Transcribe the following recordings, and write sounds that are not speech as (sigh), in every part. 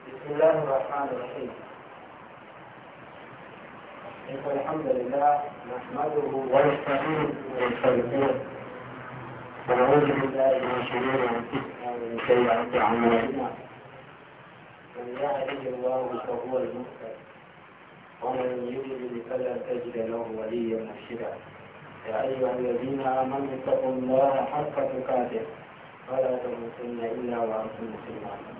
بسم الله الرحمن الرحيم إن الحمد لله نحمده ونستعينه ونستغفره ونعوذ بالله من شرور أنفسنا ومن سيئات أعمالنا من يهده الله فهو المهتد ومن يضلل فلن تجد له وليا مرشدا يا أيها الذين آمنوا اتقوا الله حق تقاته ولا تموتن إلا وأنتم مسلمون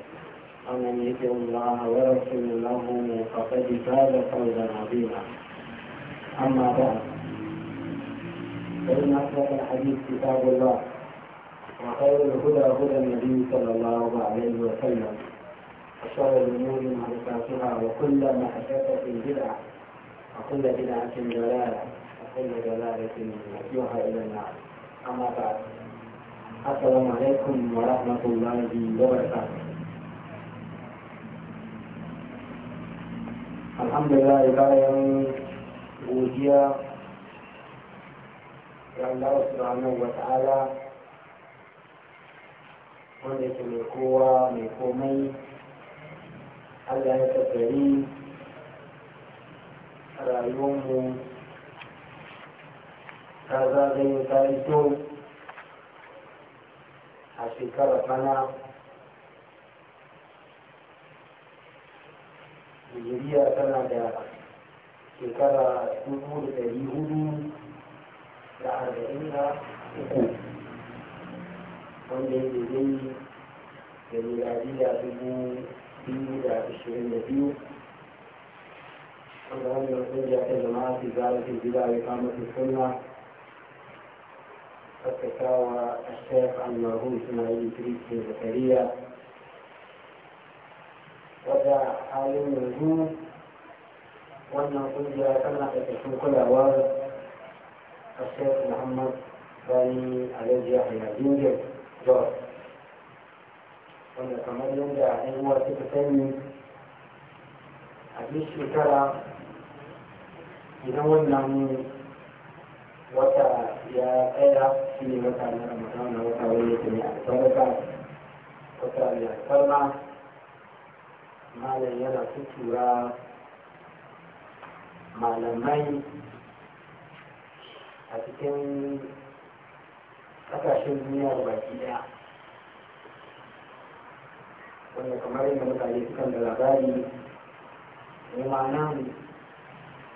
ومن يطع الله ورسوله فقد فاز فوزا عظيما اما بعد فان اصدق الحديث كتاب الله وخير الهدى هدى النبي صلى الله عليه وسلم وشر الامور محدثاتها وكل محدثه بدعه وكل بدعه ضلاله وكل ضلاله مرجوها الى النار اما بعد السلام عليكم ورحمه الله وبركاته alhamdulillah bayan godiya ga Allah subhanahu wa ta'ala wanda ke mai kowa mai komai Allah ya tattari rayuwarmu ta zagaye ta ito a shekarar bana nigeria tana da shekara dubu da dari hudu da arba'in da uku wanda ya zai da miladiya dubu biyu da ashirin da biyu wanda wanda wajen ya kai jama'a su zara su gida ya kama su sunna tsakakawa a shek an marhum suna yin kirki da kariya وجاء حال الوجود وانه قل جاء كما تتشوف كل اواز الشيخ محمد بني عليه يحيى جنجر جور وانه كما يوم جاء حين هو تتسمي حديث الكرة إذا ولم وتا يا أيا في مكان رمضان وتا ولي كني أتبرك وتا يا كرمه malam yana tutura malamai a cikin kasashen duniya da baki daya wanda kamar yadda mutane sukan da labari da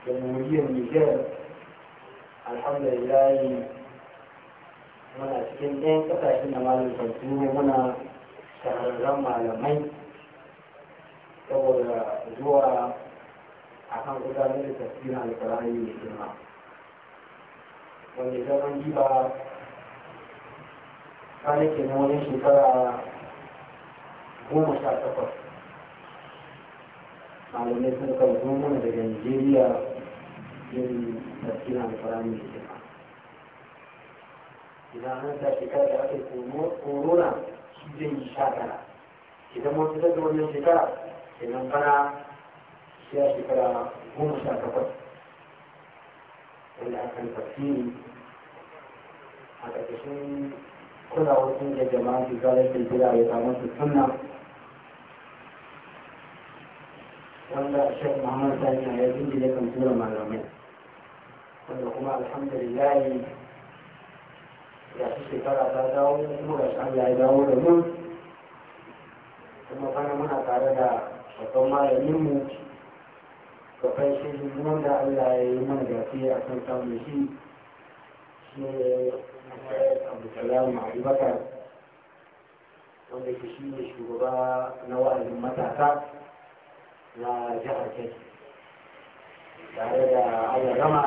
jamhuriyar niger alhamdulillah muna cikin ɗayan kasashen da malam kwanci muna shahararren malamai saboda zuwa a kan gudanar da da alkurani mai girma wanda zaman jiba ta nake na wani shekara goma sha takwas malamai sun karzo mana daga nigeria yin tafsirin alkurani mai girma idan an sa shekara da aka yi korona shi zai yi sha tara idan mun ta da wannan shekara kenan Fana shi ya shekara goma sha takwas wanda aka yi tafsiri a ƙarƙashin kulawar ƙungiyar jama'a su zalar kirkira ya samu su sunna wanda shek muhammad sani ya jingine kan tura malamai wanda kuma alhamdulillah ya fi shekara ta dawo kuma ga shi ya dawo da mu kuma Fana muna tare da babban malaminmu babban shirin wanda allah ya yi mana gafi a kan samun shi shi ne abdulsalam abubakar wanda ke shi ne shugaba na wa'azin matasa na jihar kebbi tare da allah rama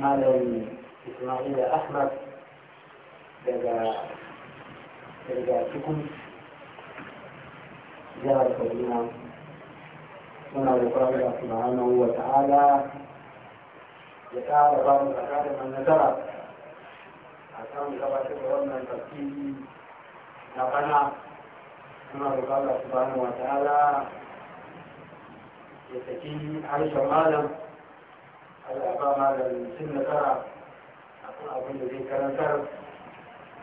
malam ismail ahmad daga daga cikin ذلك بنا كما يقول الله سبحانه وتعالى يقال بعض الأكاد من نزلت عشان لغة الغرب التركيب لقنا كما يقول الله سبحانه وتعالى يتكي عيش مالا الأبا مالا سن ترى أقول أبو الذي كان ترى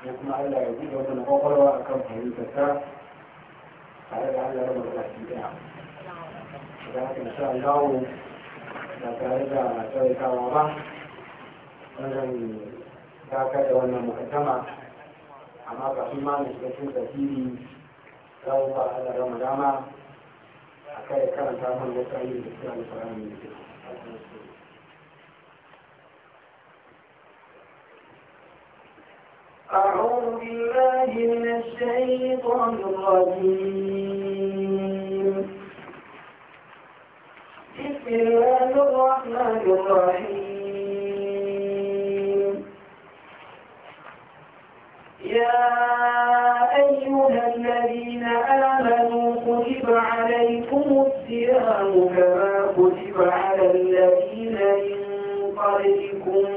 يكون ألا يزيد ومن أقرأ كم حديث الترى tare da Allah rabu da ɗaya da haka na sha yawo ba tare da tsawaitawa ba wannan dakar da wannan mukaddama amma kafin ma na shiga cikin tafiri za mu ba Allah rabu dama a kai karanta mana wasu ayyuka da suke alfarani da أعوذ بالله من الشيطان الرجيم بسم الله الرحمن الرحيم يا أيها الذين آمنوا كتب عليكم الصيام كما كتب على الذين من قبلكم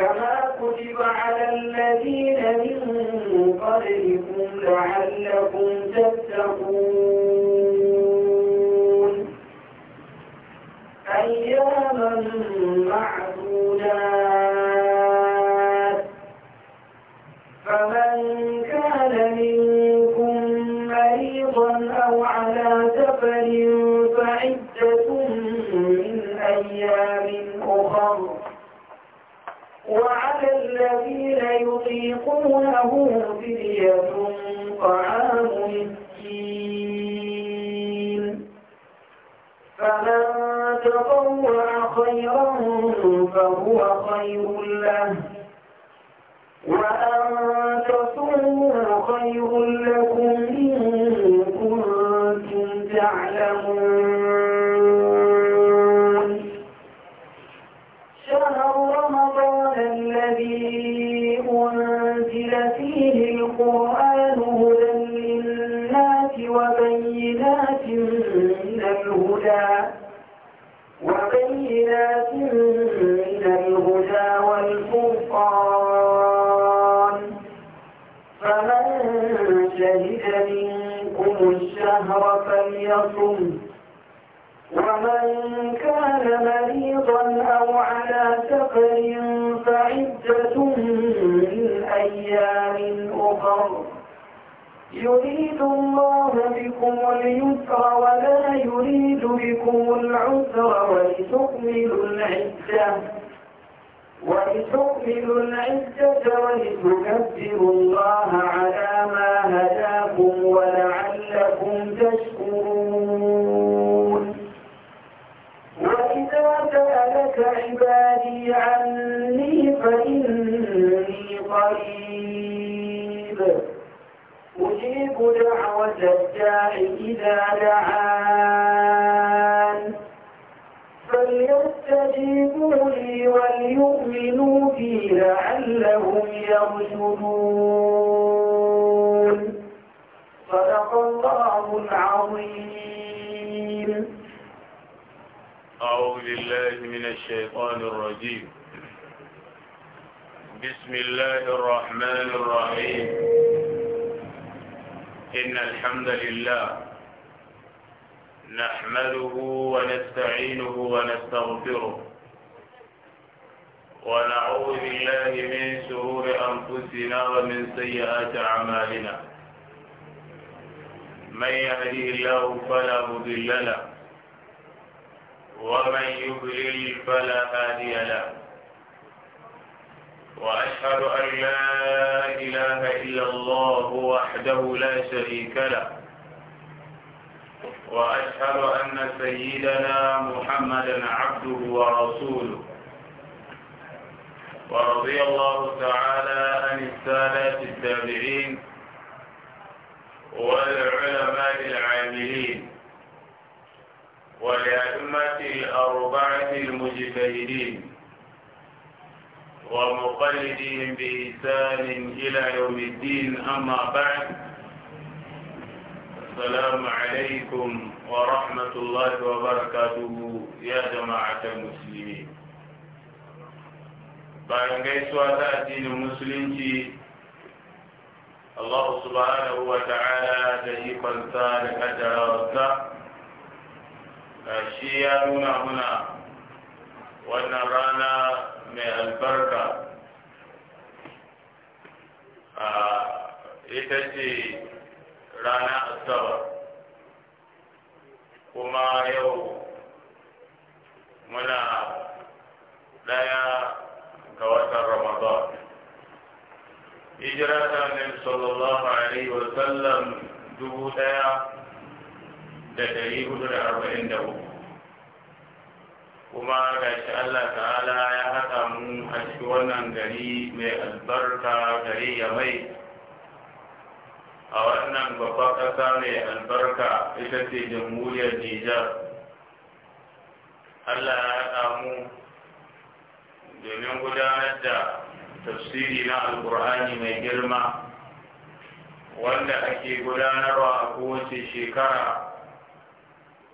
كما كتب على الذين من قبلكم لعلكم تتقون أياما معدودات فله فدية طعام مسكين فمن تطوع خيرا فهو خير له وأن تصوموا خير لكم من الهدى وبينات من الهدى والفرقان فمن شهد منكم الشهر فليصم ومن كان مريضا أو على سفر فعدة يريد الله بكم اليسر ولا يريد بكم العسر ولتكملوا العزة ولتكملوا العزة ولتكبروا الله على ما هداكم ولعلكم تشكرون وإذا سألك عبادي عني فإني قريب أجيب دعوة الداعي إذا دعان فليستجيبوا لي وليؤمنوا بي لعلهم يرشدون صدق الله العظيم أعوذ بالله من الشيطان الرجيم بسم الله الرحمن الرحيم إن الحمد لله نحمده ونستعينه ونستغفره ونعوذ بالله من شرور أنفسنا ومن سيئات أعمالنا من يهدي الله فلا مضل له ومن يضلل فلا هادي له وأشهد أن لا إله إلا الله وحده لا شريك له وأشهد أن سيدنا محمدا عبده ورسوله ورضي الله تعالى عن السادة التابعين والعلماء العاملين والأئمة الأربعة المجتهدين ومقلدهم بإحسان إلى يوم الدين أما بعد السلام عليكم ورحمة الله وبركاته يا جماعة المسلمين bayan gaisuwa ta addinin musulunci Allah subhanahu wa ta'ala da ikonsa da kaddarawarsa shi ya nuna muna wannan rana mai albarka a ita ce rana asabar kuma yau muna ɗaya ga watan ramadan hijira ta nan sallallahu alaihi wa sallam dubu ɗaya da dari hudu da arba'in da uku kuma ga shi Allah ta'ala ya haɗa mu a shi wannan gari mai albarka gari ya mai a wannan babban ƙasa mai albarka ita ce jamhuriyar Nijar Allah ya haɗa mu domin gudanar da tafsiri na alkur'ani mai girma wanda ake gudanarwa a kowace shekara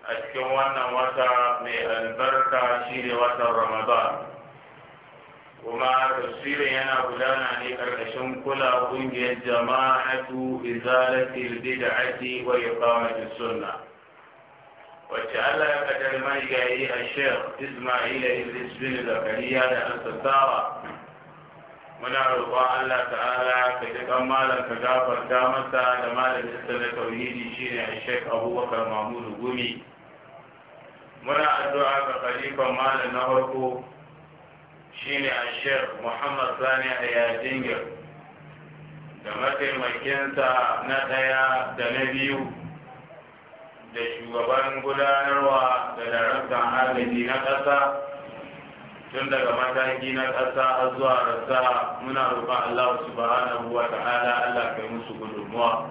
a cikin wannan wata mai albarka shi ne watan ramadan kuma tafsirin yana gudana ne ƙarƙashin kula ƙungiyar jama'atu izalatil bid'ati wa iqamatis sunna wacce Allah ya kadar mai gayi a Sheikh Ismail Idris bin Zakariya da Al-Sassawa muna roƙon Allah ta'ala ka ji kan malam ka gafarta masa da malamin sa na tauhidi shine Sheikh Abubakar Mahmud Gumi muna addu'a ga Khalifa malam na farko shine ashir muhammad sani a yajingir da mataimakinsa na ɗaya da na biyu da shugaban gudanarwa da daraktan agaji na ƙasa tun daga mataki na ƙasa har zuwa rasa muna roƙon Allah subhanahu wa ta'ala Allah kai musu gudunmuwa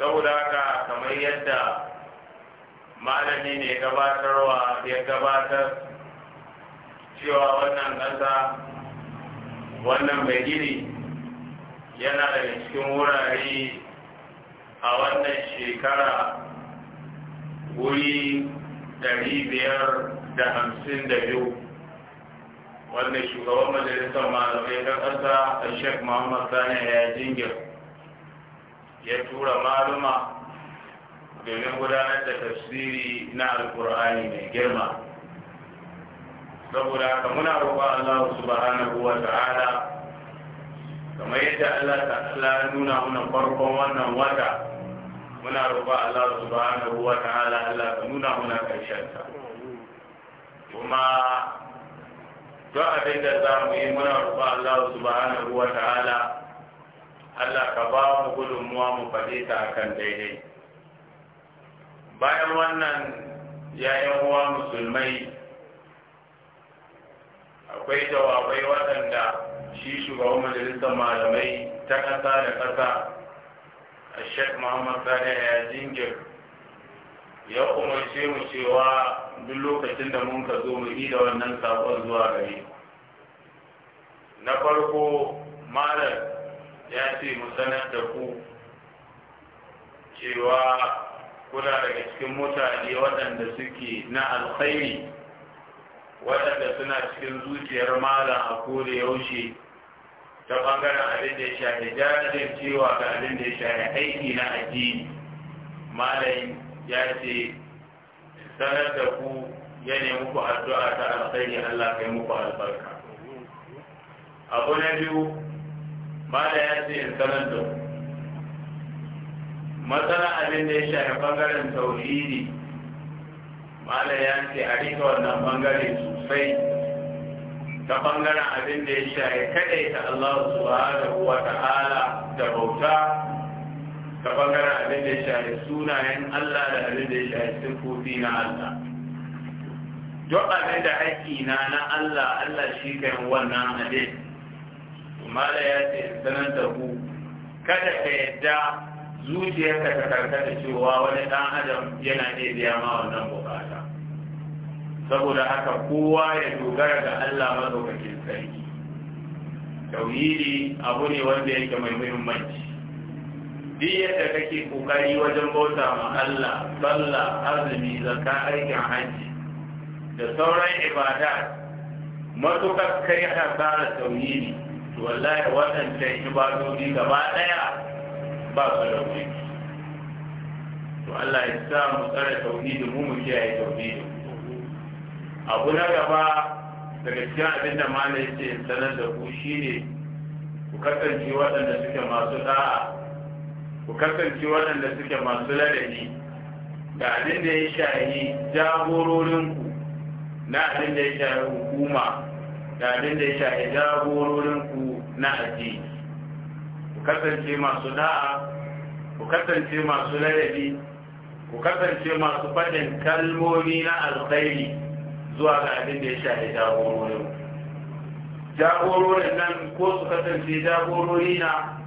saboda haka kamar yadda malami ne gabatarwa ya gabatar cewa wannan ƙasa wannan mai gini yana daga cikin wurare a wannan shekara wuri biyar da da hamsin biyu, wanda shugaban majalisar malamai na ƙasa a sheik muhammad sani ya jingir ya tura maluma domin gudanar da tafsiri na alkur'ani mai girma saboda haka muna roƙon Allah subhanahu wa ta'ala kamar yadda Allah ta'ala ya nuna muna farkon wannan wata muna roƙon Allah subhanahu wa ta'ala Allah ta nuna muna karshen ta kuma don abin da za mu yi muna roƙon Allah subhanahu wa ta'ala Allah ka ba mu gudunmuwa mu faɗi ta akan daidai bayan wannan yayan uwa musulmai akwai jawabai waɗanda shi shugaban majalisar malamai ta ƙasa da ƙasa a sheikh muhammad sani ya jingir ya umarce mu cewa duk lokacin da mun ka zo mu yi da wannan saƙon zuwa gari. na farko malam ya ce mu sanar da ku cewa kuna daga cikin mutane waɗanda suke na alkhairi waɗanda suna cikin zuciyar malam a kore yaushe ta ɓangaren abin da ya shafi jajin cewa ga abin da ya shafi aiki na addini malam ya ce sanar da ku ya nemi ku addu'a ta alkhairi Allah kai muku albarka abu na biyu malam ya ce in sanar da ku matsala abin da ya shafi bangaren tauhidi mala ya ce a rika wannan bangare sosai ta bangaren abin da ya shafi kadai ta Allah subhanahu wa ta'ala da bauta ta bangaren abin da ya shafi sunayen Allah da abin da ya shafi sifofi na Allah duk abin da haƙƙi na na Allah Allah shi kan wannan abin mala ya ce sanar da ku kada ka yadda zuciyarka ta karkata cewa wani ɗan adam yana iya biya ma wannan bukata saboda haka kowa ya dogara ga Allah madaukakin sarki tauhidi abu ne wanda yake mai muhimmanci duk yadda kake kokari wajen bauta ma Allah sallah azumi zakka aikin hajji da sauran ibada matukar kai hasara tauhidi to wallahi waɗancan ibadodi gaba ɗaya ba su da wuri to Allah ya sa mu tsare tauhidi mu mu kiyaye tauhidi abu na gaba daga cikin abin da mana yake sanar da ku shine ku kasance waɗanda suke masu da'a ku kasance waɗanda suke masu ladabi da abin da ya shahi jagororinku na abin da ya shahi hukuma da abin da ya shahi jagororinku na addini kasance masu da'a ku kasance masu ladabi ku kasance masu faɗin kalmomi na alkhairi zuwa ga abin da ya shafi jagororin jagororin nan ko su kasance jagorori na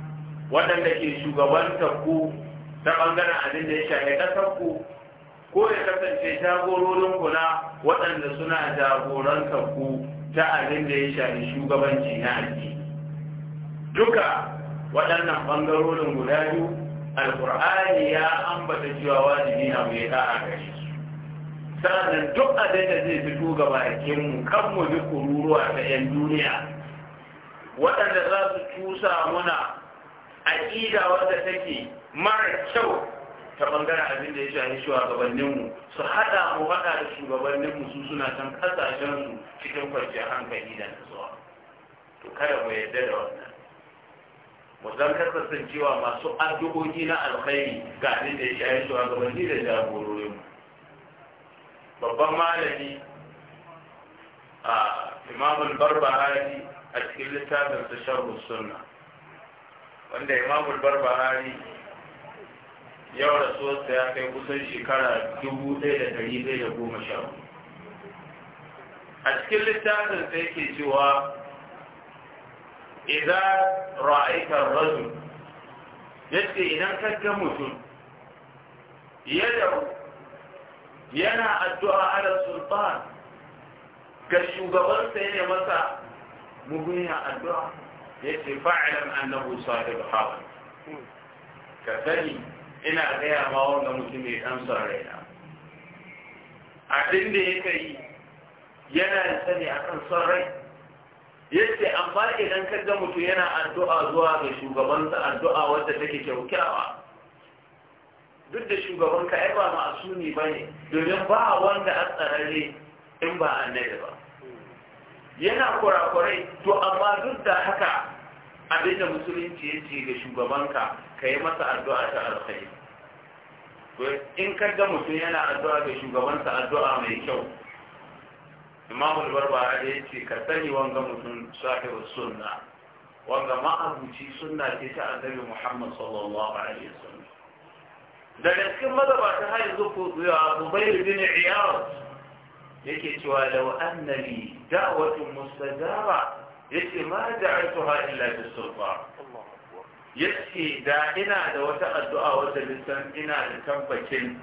waɗanda ke shugabantar ku ta ɓangaren abin da ya shafi ƙasar ku ko ya kasance jagororin ku na waɗanda suna jagorantar ku ta abin da ya shafi shugabanci na addini duka waɗannan ɓangarorin guda biyu alƙur'ani ya ambata cewa wajibi na mai da'a gare su sannan duk abin da zai fito ga mu kan mu bi kururuwa ta 'yan duniya waɗanda za su cusa muna aƙida wadda take mara kyau ta ɓangaren abin da ya shahi shugabanninmu su haɗa mu haɗa da shugabanninmu su suna can ƙasashensu cikin kwanciyar hankali da nasuwa to kada mu yarda da wannan mu zan kasancewa masu addu'o'i na alkhairi ga abin da ya shayi shugabanni da jagororin babban malami a imamul barbahari a cikin littafin sa sharhu sunna wanda imamul barbahari yau rasuwarsa ya kai kusan shekara dubu ɗaya da ɗaya a cikin littafin sai yake cewa Idan ra'aita ar-rajul idan ka ga mutum yadau yana addu'a ala sultan ga shugaban sa ne masa muhimmiyar addu'a yace fa'lam annahu sahib haqq ka sani ina gaya ma wanda mutum ya amsa raina abin da ya yi yana da sani akan son rai yace amma idan ka ga mutum yana addu'a zuwa ga shugabansa addu'a wadda take kyaukyawa duk da shugaban ka ai ba ma'asumi bane domin ba wanda a tsararre in ba annabi ba yana kurakurai to amma duk da haka abinda musulunci ce ga shugabanka ka yi masa addu'a ta alkhairi in ka ga mutum yana addu'a ga shugabansa addu'a mai kyau imamul barbara da ya ce ka sani wanga mutum sahibu sunna wanga ma'abuci sunna ce ta annabi muhammad sallallahu alaihi wasallam da cikin mazabata har yanzu ko zubayr bin iyad yake cewa law anna li da'watun mustajaba yace ma da'atuha illa bisulfa yace da ina da wata addu'a wata lissan ina da tabbacin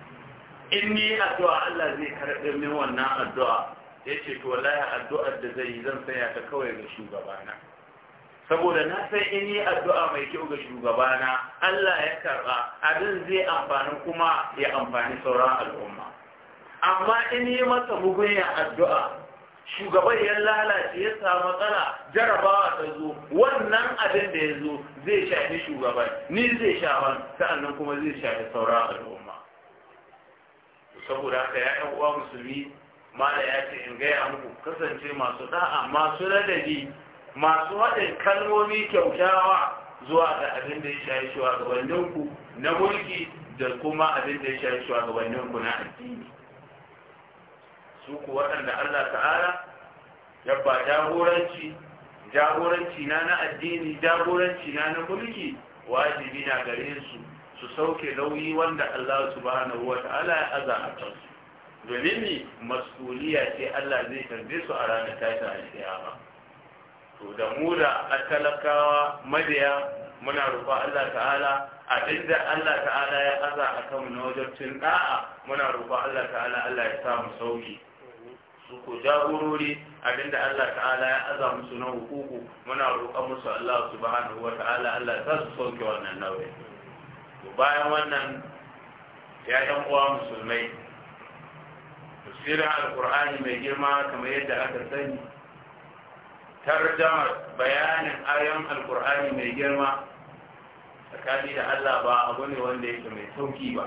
in ni addu'a Allah zai karɓe min wannan addu'a ya ce to wallahi addu'ar da zai yi zan sanya ta kawai ga shugabana saboda na san in yi addu'a mai kyau ga shugabana Allah ya karba abin zai amfani kuma ya amfani sauran al'umma amma in yi masa ya addu'a shugaban ya lalace ya samu matsala jarabawa ta zo wannan abin da ya zo zai shafi shugaban ni zai shafa sa'annan kuma zai shafi sauran al'umma saboda haka ya uwa musulmi mala ya ce in gaya muku kasance masu da'a masu ladabi masu haɗin kalmomi kyaukyawa zuwa ga abin da ya shayi shugabanninku na mulki da kuma abin da ya shayi shugabanninku na addini su ku waɗanda Allah ta'ala ya ba jagoranci jagoranci na na addini jagoranci na na mulki wajibi na gare su su sauke nauyi wanda Allah subhanahu wa ta'ala ya aza a kansu domin ni masuliya ce Allah zai karbe su a ranar tashin alkiyama to da mu da talakawa madiya muna roƙon Allah ta'ala a da Allah ta'ala ya aza a kanmu na cin da'a muna roƙon Allah ta'ala Allah ya samu sauki su ku jagorori a da Allah ta'ala ya aza musu na hukuku muna roƙon musu Allah subhanahu wa ta'ala Allah ya su sauki wannan nauyi bayan wannan ya ɗan uwa musulmai tafsirin alkur'ani mai girma kamar yadda aka sani tarjama bayanin ayon alkur'ani mai girma tsakani da allah ba abu ne wanda yake mai sauki ba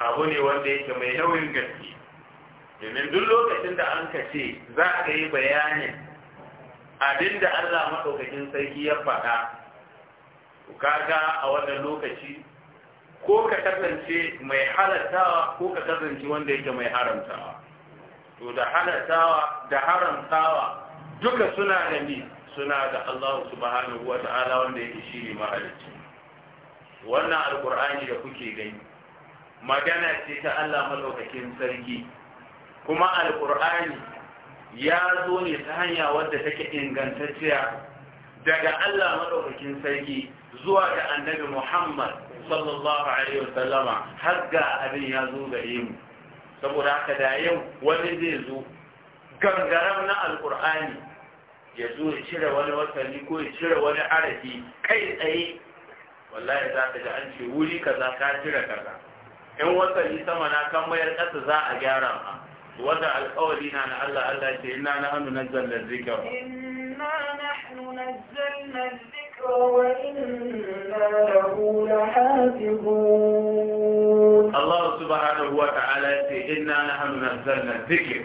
abu ne wanda yake mai nauyin gaske domin duk lokacin da an ka ce za ka yi bayanin abin da allah maɗaukakin sarki ya faɗa Ku kaga a wannan lokaci ko ka kasance mai halartawa, ko ka kasance wanda yake mai haramtawa to da halartawa da haramtawa duka suna da ni suna da Allah subhanahu wa ta'ala wanda yake shi ne mahalicci wannan alkur'ani da kuke gani magana ce ta Allah malaukakin sarki kuma alkur'ani ya zo ne ta hanya wadda take ingantacciya daga Allah madaukakin sarki zuwa ga annabi Muhammad sallallahu alaihi wasallama har ga abin ya zo gare mu saboda haka da yau wani zai zo gangaram na alkur'ani ya zo ya cire wani watanni ko ya cire wani arafi kai tsaye wallahi za ka ji an ce wuri kaza ka cire kaza in watanni sama na kan mayar ƙasa za a gyara ma wanda alƙawari na na Allah Allah ce ina na hannu zallar zikra إنا نحن نزلنا الذكر وإنا له لحافظون الله سبحانه وتعالى إنا نحن نزلنا الذكر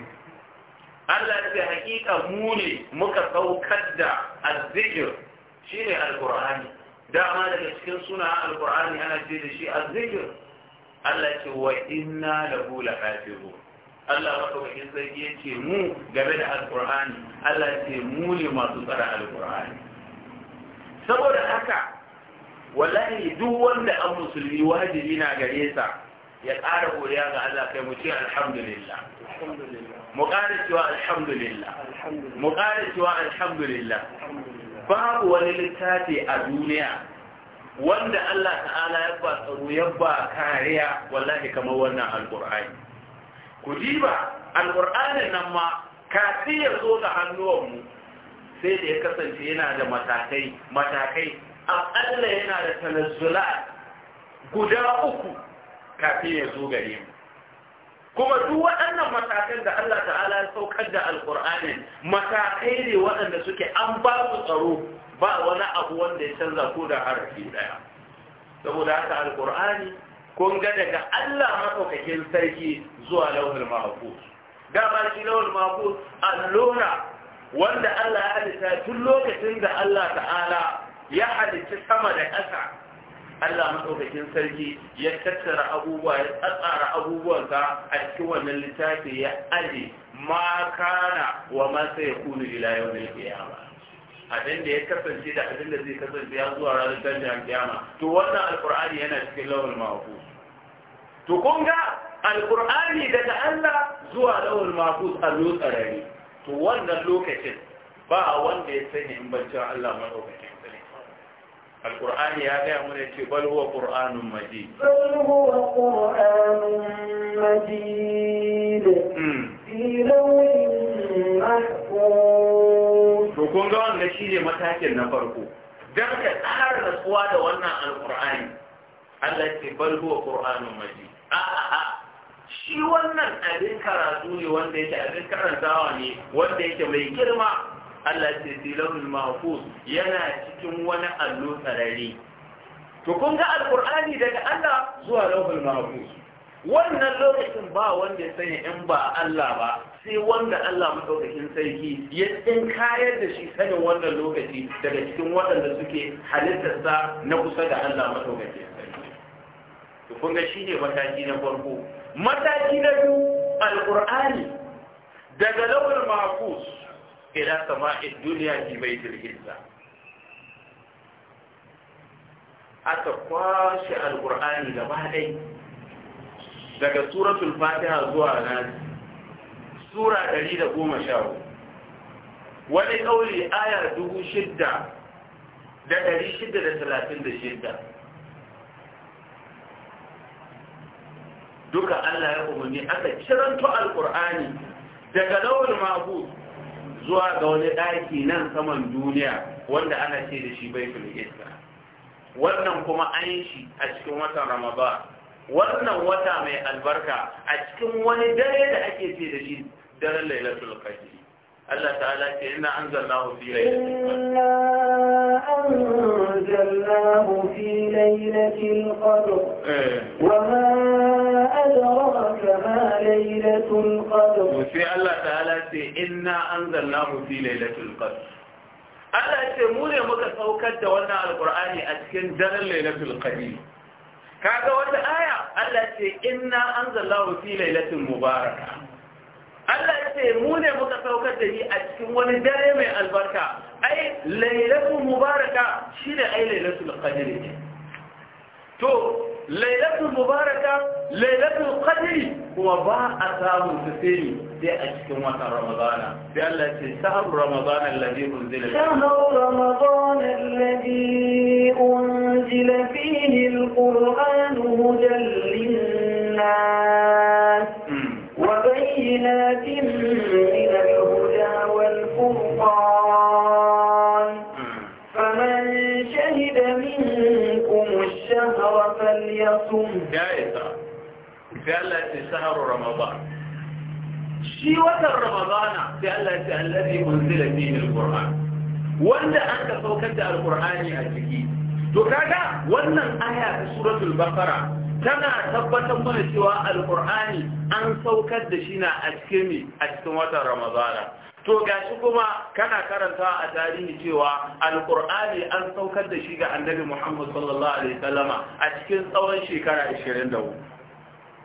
Allah ce hakika mu ne muka saukar da azzikir shi ne alkur'ani dama daga cikin suna alkur'ani ana ce da shi azzikir Allah ce wa inna lahu lahafizun Allah madaukakin sarki ya ce mu game da alkur'ani Allah ya ce mu ne masu tsara alkur'ani saboda haka wallahi duk wanda an musulmi wajibi na gare sa ya ƙara godiya ga Allah kai mu ce alhamdulillah mu ƙara cewa alhamdulillah mu ƙara cewa alhamdulillah babu wani littafi a duniya wanda Allah ta'ala ya ba tsaro ya ba kariya wallahi kamar wannan alkur'ani ku diba alƙur'anin nan ma kafin ya zo ga hannuwanmu sai da ya kasance yana da matakai matakai Allah yana da tanazzula guda uku kafin ya zo gare mu kuma duk waɗannan matakan da Allah ta'ala ya saukar da alƙur'anin matakai ne waɗanda suke an ba su tsaro ba wani abu wanda ya canza ko da harafi ɗaya saboda haka alƙur'ani kun ga daga Allah maɗaukakin sarki zuwa lauhul mahfuz dama shi lauhul mahfuz allura wanda Allah ya halitta tun lokacin da Allah ta'ala ya halitta sama da ƙasa Allah maɗaukakin sarki ya tattara abubuwa ya tsatsara abubuwansa a cikin wannan littafi ya aje ma kana wa ma sai ya kunu ila yau da abin da ya kasance da abin da zai kasance ya zuwa ranar canjin alkiyama to wannan alkur'ani yana cikin lawal mahfuz to kun ga alkur'ani daga Allah zuwa lawal mahfuz a lotsarari to wannan lokacin ba wanda ya sani in bancin Allah madaukakin القرآن يا غير من بل هو قرآن مجيد بل هو قرآن مجيد في لوح محفوظ kun ga shi shine matakin na farko Don ka tsara nasuwa da wannan Alƙur'ani. Allah ce bal huwa qur'anun majid a a a shi wannan abin karatu ne wanda yake abin karantawa ne wanda yake mai girma Allah ce tilawul mahfuz yana cikin wani allo tsarari to kun ga Alƙur'ani daga Allah zuwa lawhul mahfuz wannan lokacin ba wanda ya sani in ba Allah ba sai wanda Allah madaukakin sarki ya tsinkayar da shi sanin wannan lokaci daga cikin waɗanda suke halittarsa na kusa da Allah madaukakin sarki kun ga shine mataki na farko mataki na biyu alqur'ani daga lawal mahfuz ila sama'id dunya fi baitil izza aka kwashe alkur'ani gaba ɗai daga suratul fatiha zuwa nan sura 114 wani kauli aya 6636 duka Allah ya umarni aka kiranto alkur'ani daga lawul mahfuz zuwa ga wani daki nan saman duniya wanda ana ce da shi baitul iska wannan kuma an yi shi a cikin watan ramadan wannan wata mai albarka a cikin wani dare da ake ce da shi daren lailatul qadr Allah ta'ala ce inna anzalnahu fi lailatul qadr wa ma adraka ma lailatul qadr sai Allah ta'ala ce inna anzalnahu fi lailatul qadr Allah ce mu ne muka saukar da wannan alqur'ani a cikin daren lailatul qadr kaga wata aya Allah ce inna anzalallahu fi lailatin mubaraka Allah ce mu ne muka saukar da shi a cikin wani dare mai albarka ai lailatul mubaraka shine ai lailatul qadr to ليلة مباركة ليلة القدر وباء أسام سفيني دي أشكوة رمضان دي الله سهر رمضان الذي أنزل فيه سهر رمضان الذي أنزل فيه القرآن مجلد falyasum ya isa sai Allah ya ce shi watan ramadana sai Allah ya ce allazi unzila fihi alquran wanda aka saukar da alqur'ani a ciki to kaga wannan aya ta suratul baqara tana tabbatar mana cewa alqur'ani an saukar da shi na a cikin a cikin watan ramadana to gashi kuma kana karanta a tarihi cewa alkur'ani an saukar da shi ga annabi muhammad sallallahu alaihi sallama a cikin tsawon shekara 24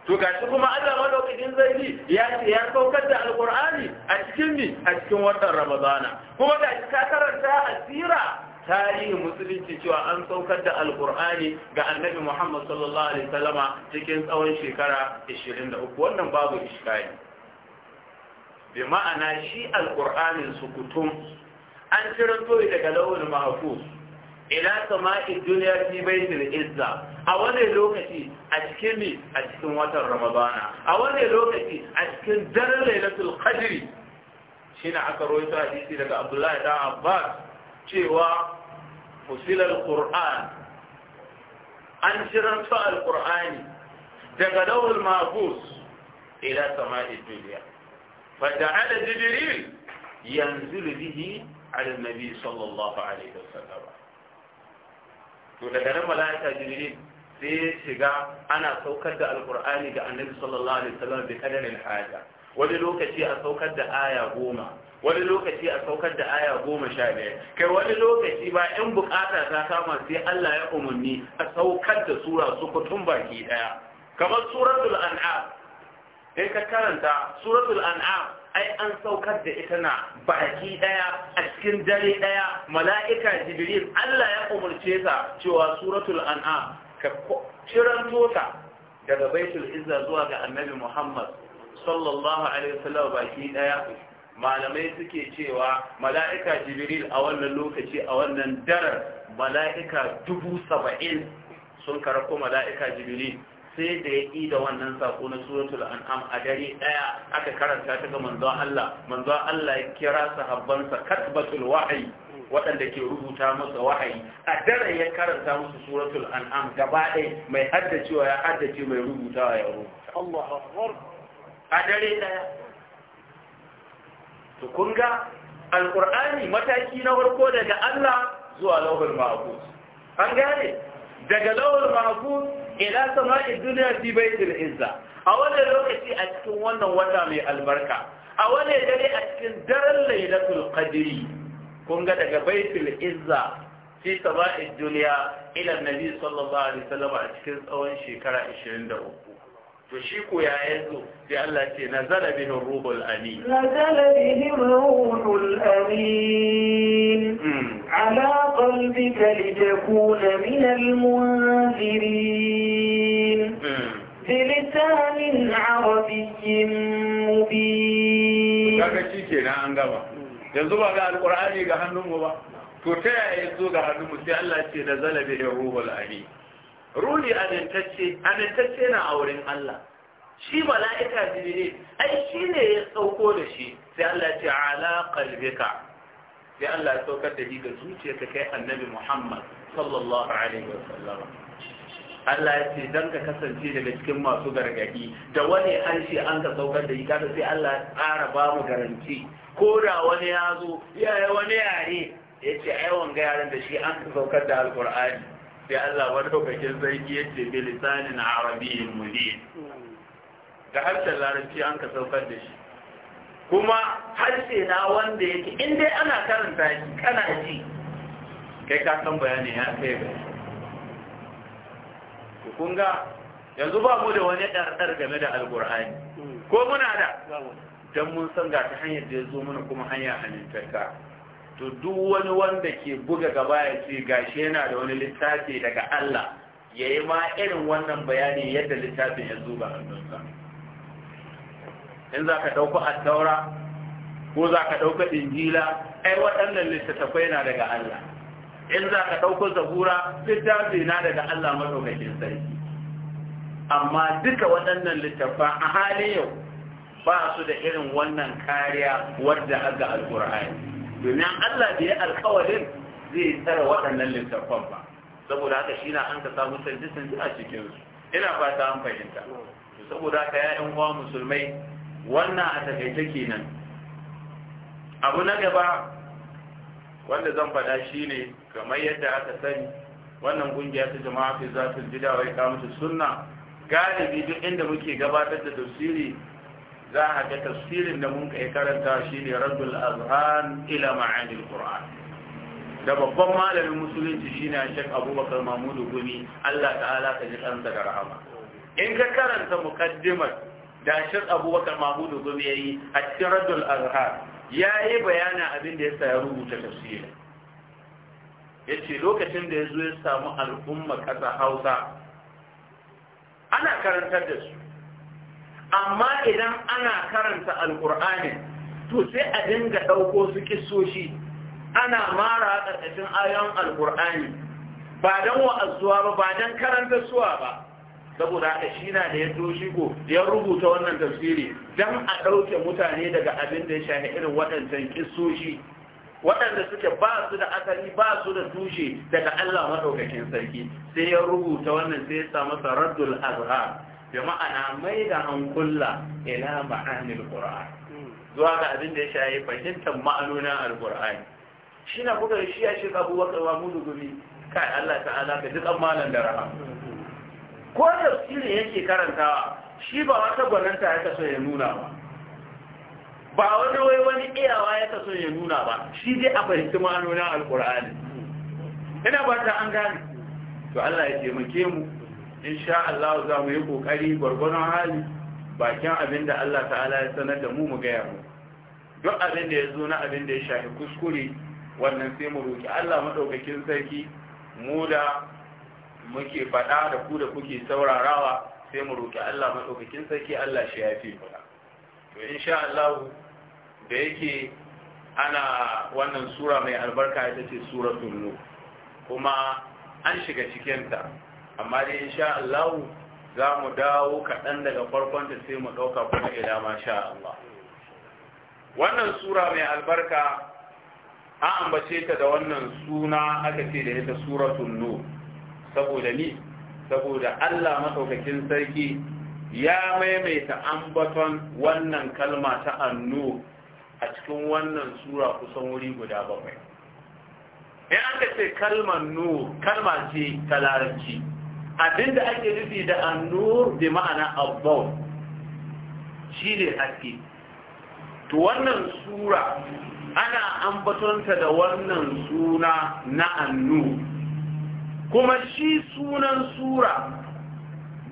to gashi kuma allah malaukakin zai ya ce ya saukar da alkur'ani a cikin mi a cikin wannan ramadana kuma gashi ka karanta a sira tarihin musulunci cewa an saukar da alkur'ani ga annabi muhammad sallallahu alaihi sallama cikin tsawon shekara 23 wannan babu iskari bi ma'ana shi alqur'anin sukutum an tiranto daga lawul mahfuz ila duniya duniya fi baitul izza a wani lokaci a cikin ne a cikin watan ramadana a wani lokaci a cikin daren lailatul qadri shine aka rawaito hadisi daga abdullahi da abbas cewa fusilal qur'an an ciranto alqur'ani daga lawul mahfuz ila sama'i duniya فجعل جبريل ينزل به على النبي صلى الله عليه وسلم daga nan mala'ika jibril sai shiga ana saukar da alkur'ani ga annabi sallallahu alaihi wasallam bi kadarin haja wani lokaci a saukar da aya goma wani lokaci a saukar da aya goma sha ɗaya kai wani lokaci ba in bukata ta kama sai Allah ya umarni a saukar da sura su kutum baki ɗaya kamar suratul an'am sai ka karanta suratul an'am ai an saukar da ita na baki daya a cikin dare daya mala'ika jibril Allah ya umurce ta cewa suratul an'am ka ciranto ta daga baitul izza zuwa ga annabi Muhammad sallallahu alaihi wasallam baki daya malamai suke cewa mala'ika jibril a wannan lokaci a wannan darar mala'ika dubu saba'in sun karako mala'ika jibril sai da ya ƙi da wannan sako na suratul an'am a dare ɗaya aka karanta ta ga manzon Allah manzon Allah ya kira sahabbansa katbatul wahyi waɗanda ke rubuta masa wahayi a dare ya karanta musu suratul an'am gaba ɗaya mai haddacewa ya haddace mai rubutawa ya rubuta Allahu akbar a dare ɗaya to kun ga alqur'ani mataki na farko daga Allah zuwa lauhul mahfuz an gane daga lauhul mahfuz ila sama'i duniya fi baitul izza a wannan lokaci a cikin wannan wata mai albarka a wannan dare a cikin daren lailatul qadri kun ga daga baitul izza fi sama'i duniya ila nabi sallallahu alaihi wasallam a cikin tsawon shekara 23 to shi ko ya yanzu sai Allah ce nazala bihi ruhul amin nazala bihi ruhul amin hmm. ala qalbika takuna min al munzirin hmm. bilisanin arabiyyin mubin kaga shi kenan an gaba yanzu ba ga alqur'ani ga hannun mu ba to ta yaya yanzu ga hannun mu sai Allah ce zala bihi ruhul amin ruhi amintacce amintacce na a wurin Allah shi mala'ika jibril ai shi ne ya sauko da shi sai Allah ya ce ala qalbika sai Allah ya saukar da shi ga zuciyarka kai annabi Muhammad sallallahu alaihi wasallam Allah ya ce dan ka kasance daga cikin masu gargadi da wani harshe an ka saukar da shi kada sai Allah ya tsara ba mu garanti ko da wani ya zo ya yi wani yare ya ce ai wanga yaran da shi an ka saukar da alqur'ani sai Allah madaukakin sarki ya ce bi lisanin arabiyyin mubin ga harshen larabci an ka saukar da shi kuma harshe na wanda yake in dai ana karanta shi kana ji kai ka san bayani ya kai ga Ku kun ga yanzu ba mu da wani ɗarɗar game da alƙur'ani ko muna da don mun san ga ta hanyar da ya zo mana kuma hanya halittarka to duk wani wanda ke buga gaba ya ce gashi yana da wani littafi daga Allah ya yi ma irin wannan bayani yadda littafin ya zuba hannunsa in za ka ɗauka a taura ko za ka ɗauka injila ai waɗannan littattafai na daga Allah in za ka ɗauka zabura littafi na daga Allah madaukakin sarki amma duka waɗannan littafa a halin yau ba su da irin wannan kariya wadda aga qurani domin Allah da ya alkawarin zai tsara waɗannan littattafan ba saboda haka shi na an ka samu sanji-sanji a cikinsu ina fata an fahimta saboda haka ya yan uwa musulmai wannan a takaita kenan abu na gaba wanda zan faɗa shi ne kamar yadda aka sani wannan ƙungiya ta jama'a fi zafin jida ya kamata sunna galibi duk inda muke gabatar da tafsiri za a ga tafsirin da mun kai karanta shi ne raddul azhan ila ma'anil qur'an da babban malamin musulunci shine Sheikh Abubakar Mahmudu Gumi Allah ta'ala ka ji kansa da rahama in ka karanta mukaddimar da Sheikh Abubakar Mahmudu Gumi yayi a cikin raddul azhan yayi bayana abin da yasa ya rubuta tafsirin yace lokacin da ya zo ya samu al'umma ƙasa Hausa ana karantar da su amma idan ana karanta alƙur'ani to sai a dinga ɗauko su kissoshi ana mara ƙarƙashin ayon alƙur'ani ba don wa'azuwa ba ba don karanta suwa ba saboda haka shi na da ya toshi ko ya rubuta wannan tafsiri don a ɗauke mutane daga abin da ya shahi irin waɗancan kisoshi, waɗanda suke ba su da asali ba su da tushe daga Allah maɗaukakin sarki sai ya rubuta wannan sai ya samu masa Jama'a na mai da hankula ila ma'anil qur'an hmm. zuwa ga abin da ya shaye fahimtar ma'anonin alqur'ani shi na kuka shi ya shiga abubakar wa mudu gumi kai Allah ta'ala ka duk amalan da raha ko tafsirin yake karantawa shi ba wata gwananta ya kaso ya nuna ba ba wani wai wani iyawa ya kaso ya nuna ba shi dai a fahimtar ma'anonin alqur'ani ina ba ta an gane to Allah ya taimake mu insha Allah za mu yi kokari gwargwaron hali bakin abin da Allah ta'ala ya sanar da mu mu gaya mu duk abin da ya zo na abin da ya shafi kuskure wannan sai mu roki Allah madaukakin sarki mu da muke faɗa da ku da kuke saurarawa sai mu roki Allah madaukakin sarki Allah shi ya fi faɗa. to insha Allah da yake ana wannan sura mai albarka ita ce suratul nur kuma an shiga cikin ta amma dai insha Allah za mu dawo kaɗan daga farkon da sai mu ɗauka kuma ila sha Allah wannan sura mai albarka an ambace ta da wannan suna aka ce da ita suratul nu saboda ni saboda Allah madaukakin sarki ya maimaita ambaton wannan kalma ta annu a cikin wannan sura kusan wuri guda bakwai in aka ce kalmar nu kalma ce ta larabci abinda ake nufi da annur bi ma'ana abbaw shi ne haske to wannan sura ana ambatonta da wannan suna na annu kuma shi sunan sura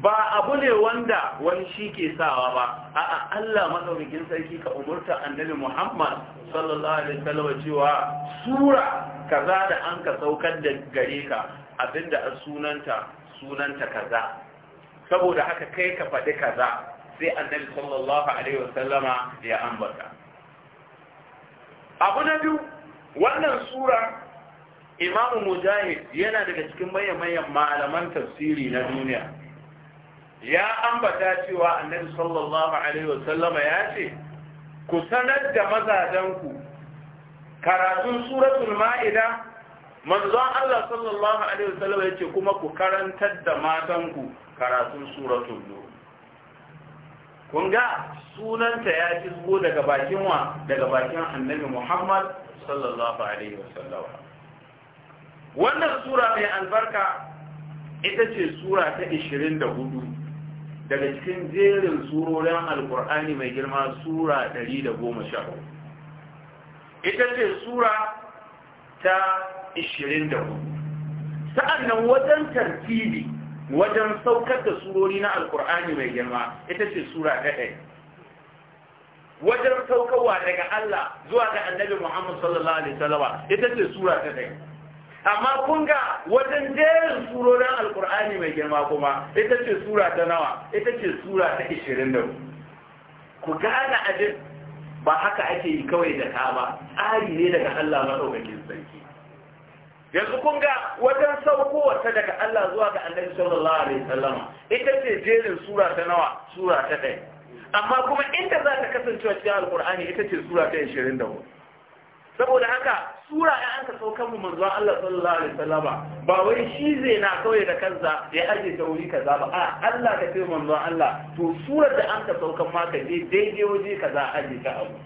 ba abu ne wanda wani shi ke sawa ba a'a Allah madaukakin sarki ka umurta annabi Muhammad sallallahu alaihi wasallam cewa sura kaza da an ka saukar da gare ka abinda a sunanta sunanta kaza saboda haka kai ka faɗi kaza sai annabi sallallahu alaihi wasallama ya ambata abu na biyu wannan sura Imamu mujahid yana daga cikin mayan malaman tafsiri na duniya ya ambata cewa annabi sallallahu alaihi wasallama ya ce ku sanar da mazajenku karatun suratul ma'ida manzon Allah sallallahu alaihi wasallam yace kuma ku karantar da matanku karatun suratul nur kun ga sunanta ya fito daga bakin wa daga bakin annabi Muhammad sallallahu alaihi wasallam wannan sura mai albarka ita ce sura ta 24 daga cikin jerin surorin alkur'ani mai girma sura 114 ita ce sura ta 24 sa'annan wajen tartibi wajen saukar da surori na alkur'ani mai girma ita ce sura ɗaya wajen saukarwa daga Allah zuwa ga annabi Muhammad sallallahu alaihi wasallam ita ce sura ɗaya amma kun ga wajen jerin surorin alkur'ani mai girma kuma ita ce sura ta nawa ita ce sura ta 24 ku gane abin ba haka ake yi kawai da ka ba tsari ne daga Allah madaukakin sarki yanzu kun ga wajen saukowarta daga Allah zuwa ga annabi sallallahu alaihi wasallam ita ce jerin sura ta nawa sura ta ɗaya amma kuma inda za ta kasance cikin alkur'ani ita ce sura ta 24 saboda haka sura ya an ka saukan mu manzon Allah sallallahu alaihi wasallam ba wai shi zai na kawai da kansa ya aje ta wuri kaza ba a Allah ka ce manzon Allah to surar da an ka saukan ma ka je daidai waje kaza aje ta abu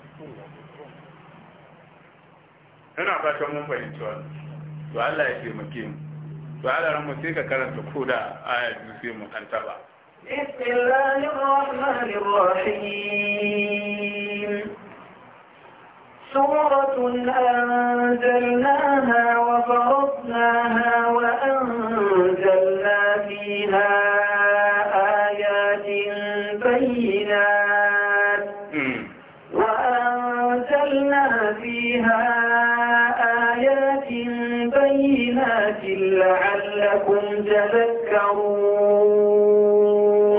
ina ta mun fahimci wannan to Allah ya taimake mu to Allah ran mu sai ka karanta koda aya biyu sai mu an taba bismillahir rahmanir rahim سورة أنزلناها وفرضناها وأنزلنا فيها آيات بينات وأنزلنا فيها لعلكم تذكرون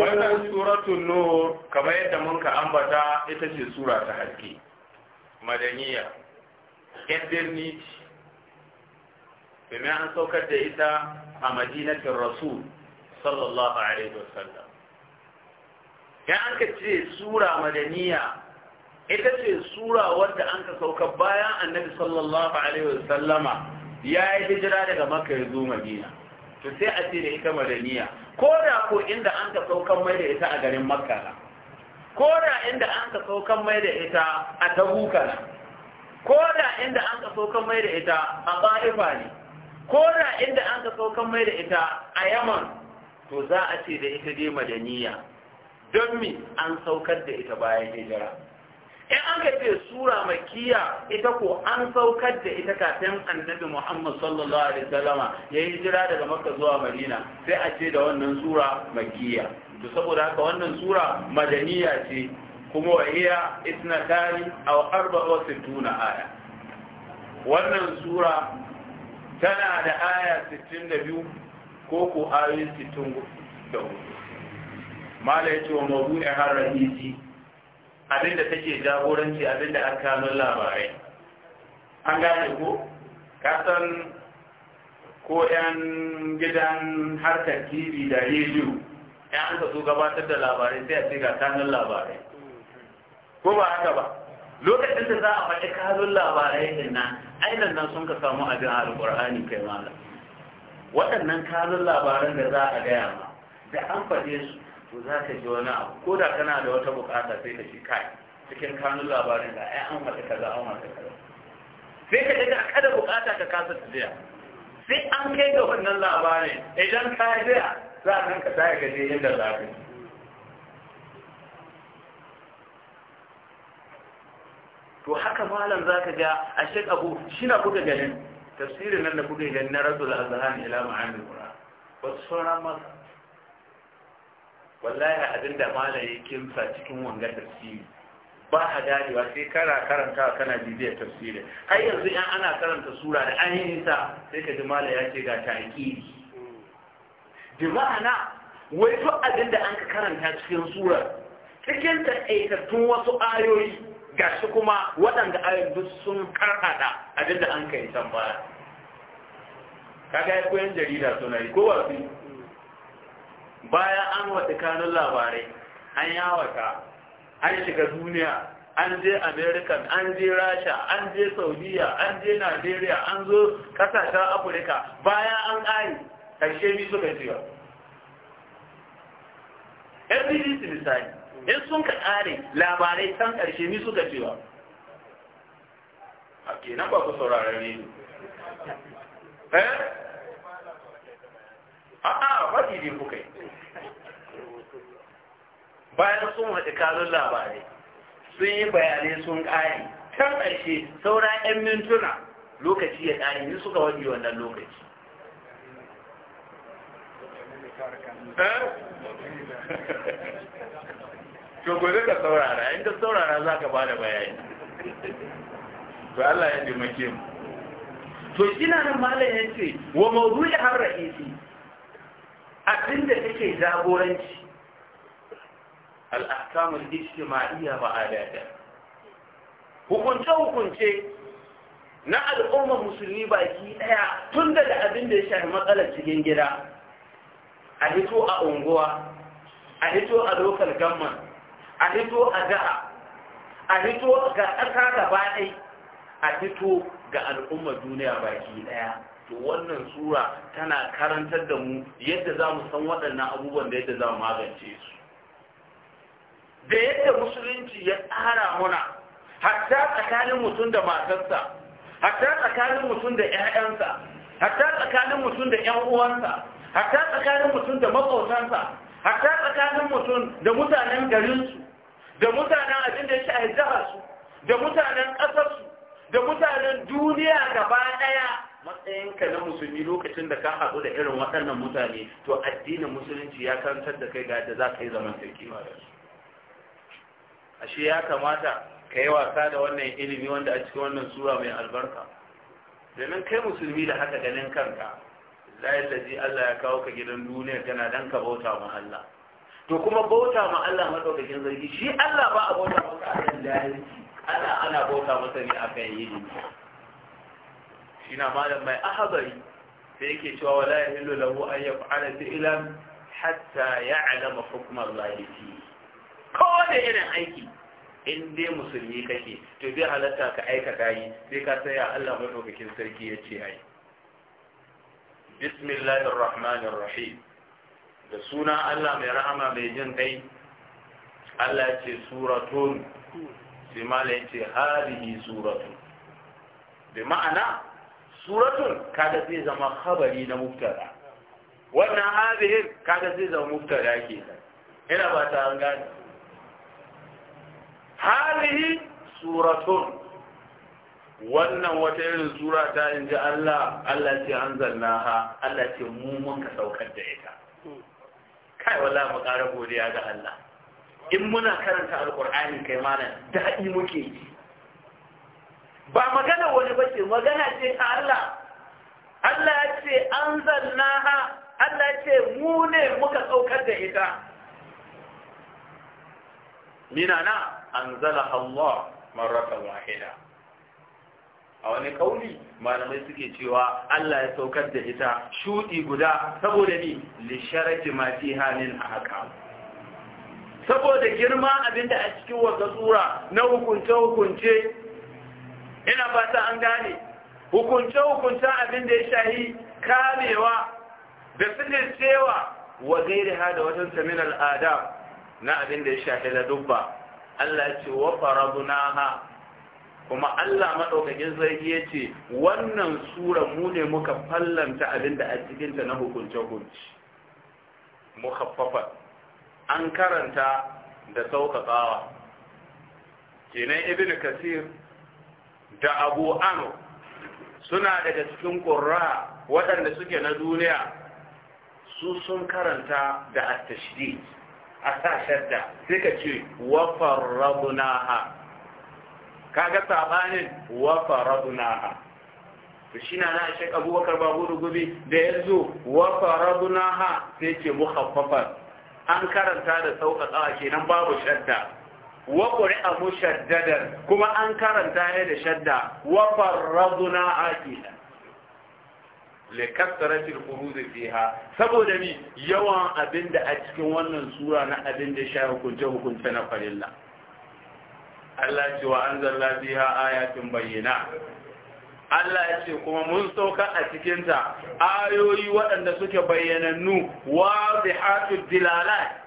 wannan suratul nur yadda mun ka ambata ita ce sura haske madaniya yan birni domin an saukar da ita a madinatin rasul sallallahu alaihi ya an ka ce sura madaniya ita ce sura wadda an ka sauka bayan annabi sallallahu alaihi wasallama ya yi hijira daga maka ya zo madina to sai a ce da ita madaniya ko da ko inda an ka saukan mai da ita a garin makka na ko da inda an ka saukan mai da ita a tabuka na ko da inda an ka saukan mai da ita a ba'ifa ne ko da inda an ka saukan mai da ita a yaman to za a ce da ita dai madaniya don mi an saukar da ita bayan hijira in an ka ce sura makiya ita ko an saukar da ita kafin annabi muhammad sallallahu alaihi wasallama ya yi jira daga makka zuwa madina sai a ce da wannan sura makiya to saboda haka wannan sura madaniya ce kuma wa iya tari aw arba wa sittuna aya wannan sura tana da aya 62 ko ko ayoyi 64 mala ce wa mawdu'i har rahisi abinda take jagoranci abinda an kano labarai an gane ko kasan ko 'yan gidan harkar tv da rediyo ya an zo gabatar da labarai sai a ce ga kanun labarai ko ba haka ba lokacin da za a faɗi kanun labarai din nan ainihin nan sun ka samu abin alƙur'ani kai malam waɗannan kanun labaran da za a gaya ma da an faɗe su to za ka ji wani abu ko da kana da wata bukata sai ka shi kai cikin kanun labarin da ai an mata kaza an mata kaza sai ka daga kada bukata ka kasa tafiya sai an kai ga wannan labarin idan ka jiya za a ka sa ka je inda za ka to haka malam za ka ga a shek abu shi na kuka ganin tafsirin nan da kuka ganin na rasul azhar ila ma'anil qur'an wasu sauran masa wallahi abin da ya kimsa cikin wanga tafsiri ba a darewa sai kara karanta kana bibiyar tafsirin har yanzu in ana karanta sura da an yi nisa sai ka ji malaye ya ce ga taƙiri bi ma'ana wai duk abin da an ka karanta cikin sura cikin taƙaitattun wasu ayoyi ga shi kuma waɗanda ayoyin duk sun karhaɗa abin da an ka yi tambaya kaga ya koyan jarida suna yi ko wasu bayan an wata kanun labarai an yawata an shiga duniya an je america an je rasha an je saudiya an je nigeria an zo kasashen afirka bayan an ƙari ƙarshe bi suka jiya lbdc misali in sun ka ƙare labarai san ƙarshe ni suka jiya a kenan ba ku sauraren ne eh a'a faɗi ne kuka yi bayan sun haɗi kanun labarai sun yi bayanai sun ƙari can ƙarshe saura 'yan mintuna lokaci ya ƙari ni suka wani wannan lokaci eh? to gobe ka saurara inda saurara za ka bada bayani to Allah ya taimake mu to ina nan malam ya ce wa mawdu'i har ra'isi abinda take jagoranci al'akamun ijtima'iyya ba a dada hukunce-hukunce na al'ummar musulmi baki ɗaya tun daga abin da ya shafi matsalar cikin gida a hito a unguwa a hito a local government a hito a ga'a a hito ga ƙasa da baɗai a hito ga al'ummar duniya baki daya to wannan sura tana karantar da mu yadda za mu san waɗannan abubuwan da yadda za mu magance su da yadda musulunci ya tsara muna hatta tsakanin mutum da matarsa hatta tsakanin mutum da ƴaƴansa hatta tsakanin mutum da ƴan uwansa hatta tsakanin mutum da makotansa hatta tsakanin mutum da mutanen garinsu da mutanen abin da yake shi su da mutanen ƙasarsu da mutanen duniya gaba ɗaya matsayinka na musulmi lokacin da ka haɗu da irin waɗannan mutane to addinin musulunci ya kantar da kai ga yadda za ka yi zaman ma da su ashe ya kamata ka yi wasa da wannan ilimi wanda a cikin wannan sura mai albarka domin kai musulmi da haka ganin kanka layin laji Allah ya kawo ka gidan duniya kana dan ka bauta ma Allah to kuma bauta ma Allah madaukakin zargi shi Allah ba a bauta masa a kan jahilci ana ana bauta masa ne a kan ilimi shi na malam mai ahabari sai yake cewa wala yahillu lahu an yaf'ala fi'lan hatta ya'lama hukma Allah fihi kowane irin aiki in dai musulmi kake to zai halatta ka aika kayi sai ka tsaya Allah madaukakin sarki ya ce ai bismillahir rahmanir rahim da suna Allah mai rahama mai jin kai Allah ya ce suratun sai mala ya ce hadihi suratun bi ma'ana suratun kada zai zama khabari na mubtada wannan hadihin kada zai zama mubtada ke ina ba ta an gane halihi suratun wannan wata irin sura ta in ji Allah Allah ce an zanna ha Allah ce mu mun ka saukar da ita kai wala mu ƙara godiya ga Allah in muna karanta alƙur'ani kai mana dadi muke ba magana wani ba ce magana ce ta Allah Allah ya ce an zanna ha Allah ya ce mu ne muka saukar da ita mina na anzalaha Allah marratan wahida a wani kauli malamai suke cewa Allah ya saukar da ita shudi guda saboda ni li sharati ma fi halin ahkam saboda girma abinda a cikin wata sura na hukunce hukunce ina fata an gane hukunce hukunce abinda ya shahi kamewa da suke cewa wa gairi hada da wajen samin al'ada na abinda ya shahi ladubba Allah ya ce wa faradunaha kuma Allah madaukakin sarki ya ce wannan sura mu ne muka fallanta abinda a cikin ta na hukunce hukunci mukhaffafan an karanta da sauƙaƙawa kenan ibnu kasir da abu ano suna daga cikin ƙurra waɗanda suke na duniya su sun karanta da at-tashdid a sa shadda sai ka ce wa farradunaha kaga sabanin wa ha to shi na na shek abubakar babu rugubi da yanzu wa ha sai ce mukhaffafat an karanta da sauƙaƙa kenan babu shadda wa abu shaddadar kuma an karanta ne da shadda wa ha kenan likassaratil furuzi fiha saboda ni yawan abinda a cikin wannan sura na abinda sha hukunce hukunce na farilla Allah ce wa anzalla fiha ayatin bayyina Allah ya ce kuma mun sauka a cikinta ayoyi waɗanda suke bayyanannu wa bihatul dilalat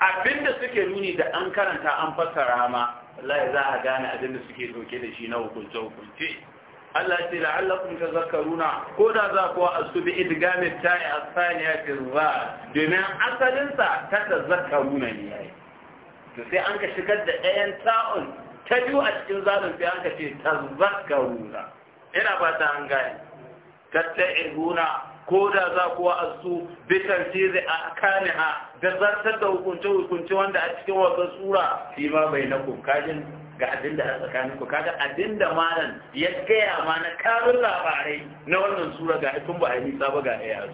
abinda suke nuni da an karanta an fassara ma wallahi za a gane abinda suke doke da shi na hukunce hukunce Allah ce da ka zakaruna ko da za ku asu bi idgami ta'i asaniya fi za domin asalin sa ta zakaruna ne to sai an ka shigar da ɗayan ta'un ta biyu a cikin zalun sai an ka ce zakaruna ina ba ta an ta tattaihuna ko da za ku asu bi a kaniha da zartar da hukunce hukunce wanda a cikin wannan sura fi ma bai na kajin ga abin da a tsakanin ku kaga abin da malam ya gaya ma na karin labarai na wannan sura ga tun ba a yi nisa ba ga ya su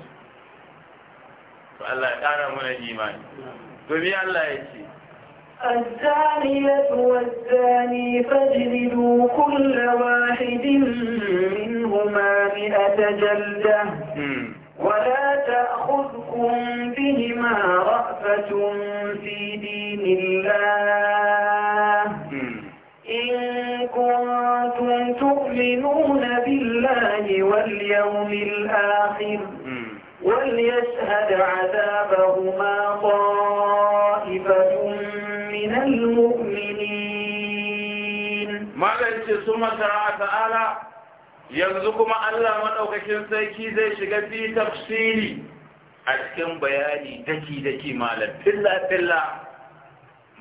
to Allah ya kara mana imani to bi Allah ya ce الزانية والزاني فاجلدوا كل واحد منهما مئة جلدة ولا تأخذكم بهما رأفة في دين الله إن كنتم تؤمنون بالله واليوم الآخر وليشهد عذابهما طائفة من المؤمنين ما لنت ثم تعالى yanzu kuma Allah maɗaukakin sarki zai shiga fi tafsiri a cikin bayani daki-daki malar filla-filla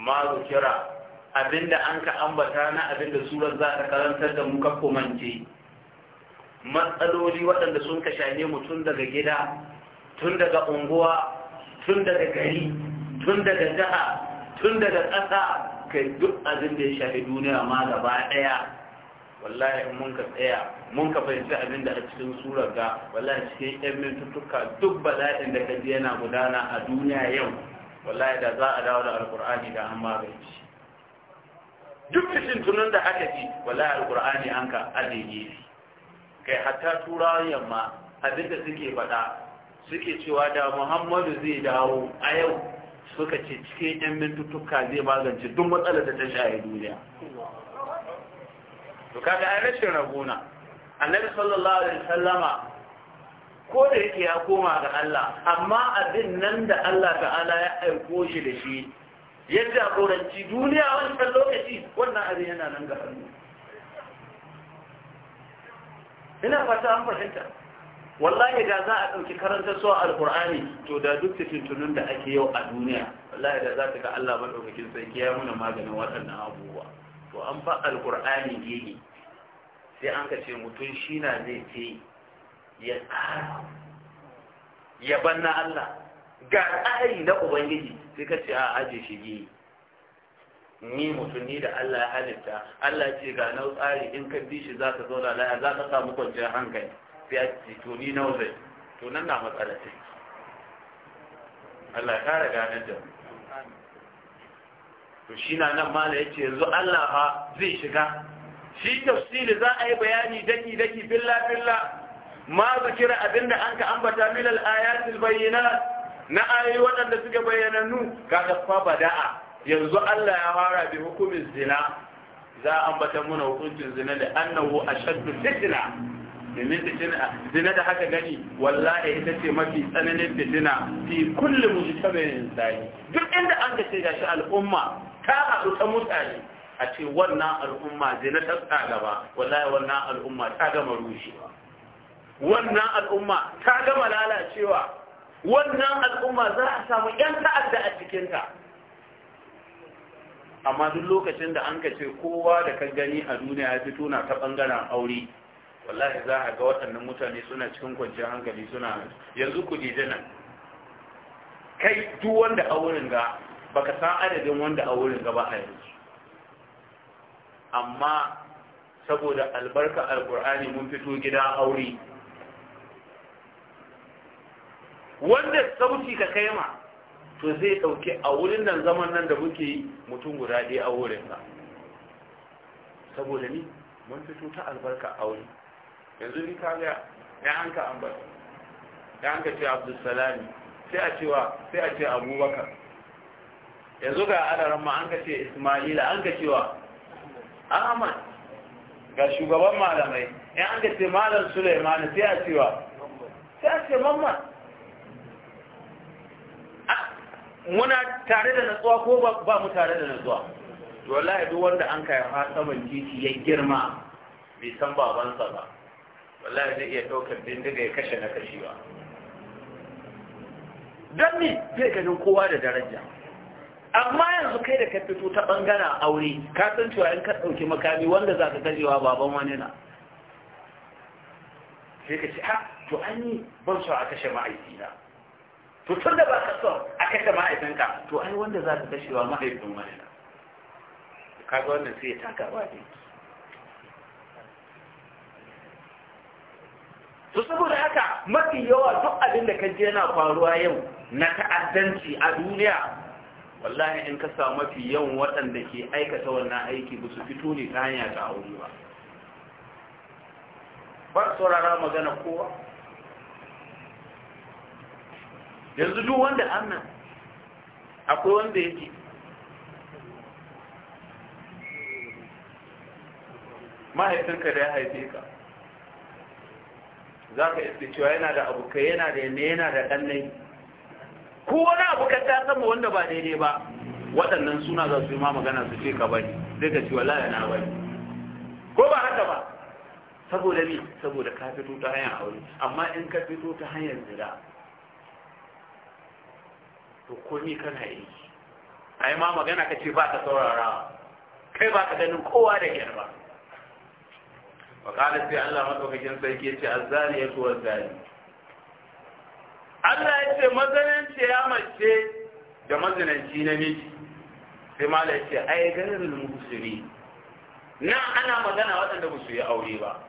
malu kira abinda an ka ambata na abinda surar za ta karantar da muka komance matsaloli waɗanda sun ka shane mu tun daga gida tun daga unguwa tun daga gari tun daga jiha tun daga ƙasa kai duk abin da ya shafi duniya ma gaba ɗaya wallahi in mun ka tsaya mun ka fahimci abin da a cikin surar ga wallahi cikin yan mintuka duk bala'in da ka ji yana gudana a duniya yau wallahi da za a dawo da alkur'ani da an magance duk cikin tunan da aka ji wallahi alqur'ani anka ka ajiye kai hatta turawan yamma abinda suke faɗa suke cewa da muhammadu zai dawo a yau suka ce cikin yan mintuttuka zai magance duk matsalar da ta shaye duniya to kaga ai rashin rabona annabi sallallahu alaihi wasallama ko da yake ya koma ga Allah amma abin nan da Allah ta'ala ya aiko shi da shi yadda koranci duniya wancan lokaci wannan abin yana nan ga hannu ina fata an fahimta wallahi da za a ɗauki karanta a alkur'ani to da duk tuntunin da ake yau a duniya wallahi da za ta ga allah maɗaukakin sarki ya muna maganin waɗannan abubuwa to an ba alkur'ani gini sai an ka ce mutum shi na zai ce ya tsara ya banna allah ga tsari na ubangiji sai ka ce a aje shi yi ni mutum ni da Allah ya halitta Allah ce ga nau tsari in ka bi shi za ka zauna laya za ka samu kwanciyar hankali sai a ce to ni nau zai to nan na matsala ce Allah ya raga ganin da to shi na nan ma da yace yanzu Allah fa zai shiga shi tafsiri za a yi bayani daki daki billa billa ma zikira abinda an ka ambata milal ayatul bayyinat na ayoyi waɗanda suka bayyanannu kaga fa bada'a yanzu Allah ya fara bi hukumin zina za a ambata muna hukuncin zina da annahu ashaddu fitna domin fitina zina da haka gani wallahi ita ce mafi tsananin fitina fi kullum mujtamin zai duk inda an ga ce gashi al'umma ta haɗu ta mutane a ce wannan al'umma zina ta gaba, wallahi wannan al'umma ta gama rushewa wannan al'umma ta gama lalacewa wannan al'umma za a samu ‘yan ta'adda a cikinta amma duk lokacin da an ka ce kowa da kan gani a duniya ya fito na ta ɓangaren aure wallahi za a ga waɗannan mutane suna cikin kwanciyar hankali suna yanzu ku je nan kai duk wanda a wurin ga baka san adadin wanda a wurin ga ba a yanzu amma saboda albarka alkur'ani mun fito gida aure wanda sauki ka kai ma to zai dauke a wurin nan zaman nan da muke yi mutum guda ɗaya a wurin ka saboda ni mun fito ta albarka a wuri yanzu ni ka ga ya an ka ya hanka ce abdulsalami sai a cewa sai a ce abubakar yanzu ga adaran ma an ka ce ismaila an ka cewa ahmad ga shugaban malamai ya an ka ce malam suleiman sai a cewa sai a ce mamman muna tare da natsuwa ko ba mu tare da natsuwa to wallahi duk wanda an kai fa saman titi ya girma bai san babansa ba wallahi zai iya daukar bindiga ya kashe na kashewa don ne zai ganin kowa da daraja amma yanzu kai da ka fito ta bangaren aure ka san cewa in ka ɗauki makami wanda za ka gajewa baban wani na sai ka ce ha to an yi ban so a kashe ma'aikina to tun da ba ka son a kai da ma'aikinka to ai wanda za ka kashewa mahaifin wani kaga wannan sai ya taka ba ne to saboda haka mafi yawa duk abin da ka je yana faruwa yau na ta'addanci a duniya wallahi in ka samu mafi yawan waɗanda ke aikata wannan aiki ba su fito ne ta hanya ta aure ba ba saurara magana kowa yanzu duk wanda annan akwai wanda yake mahaifinka da ya haife ka za ka isa cewa yana da abokai yana da yana yana da ɗannai ko wani abokan ta sama wanda ba daidai ba waɗannan suna za su yi ma magana su ce ka bari zai ka cewa laya na bari ko ba haka ba saboda ne saboda ka fito ta hanyar aure amma in ka fito ta hanyar zira to komi kana yi ai ma magana ka ce ba ka saurara kai ba ka ganin kowa da kyar ba wa kada sai Allah madaukakin sarki ya ce azzani ya tuwa zani Allah ya ce mazananci ya mace da mazinanci na miji sai ma ya ce ai ganin musuri nan ana magana waɗanda ba su yi aure ba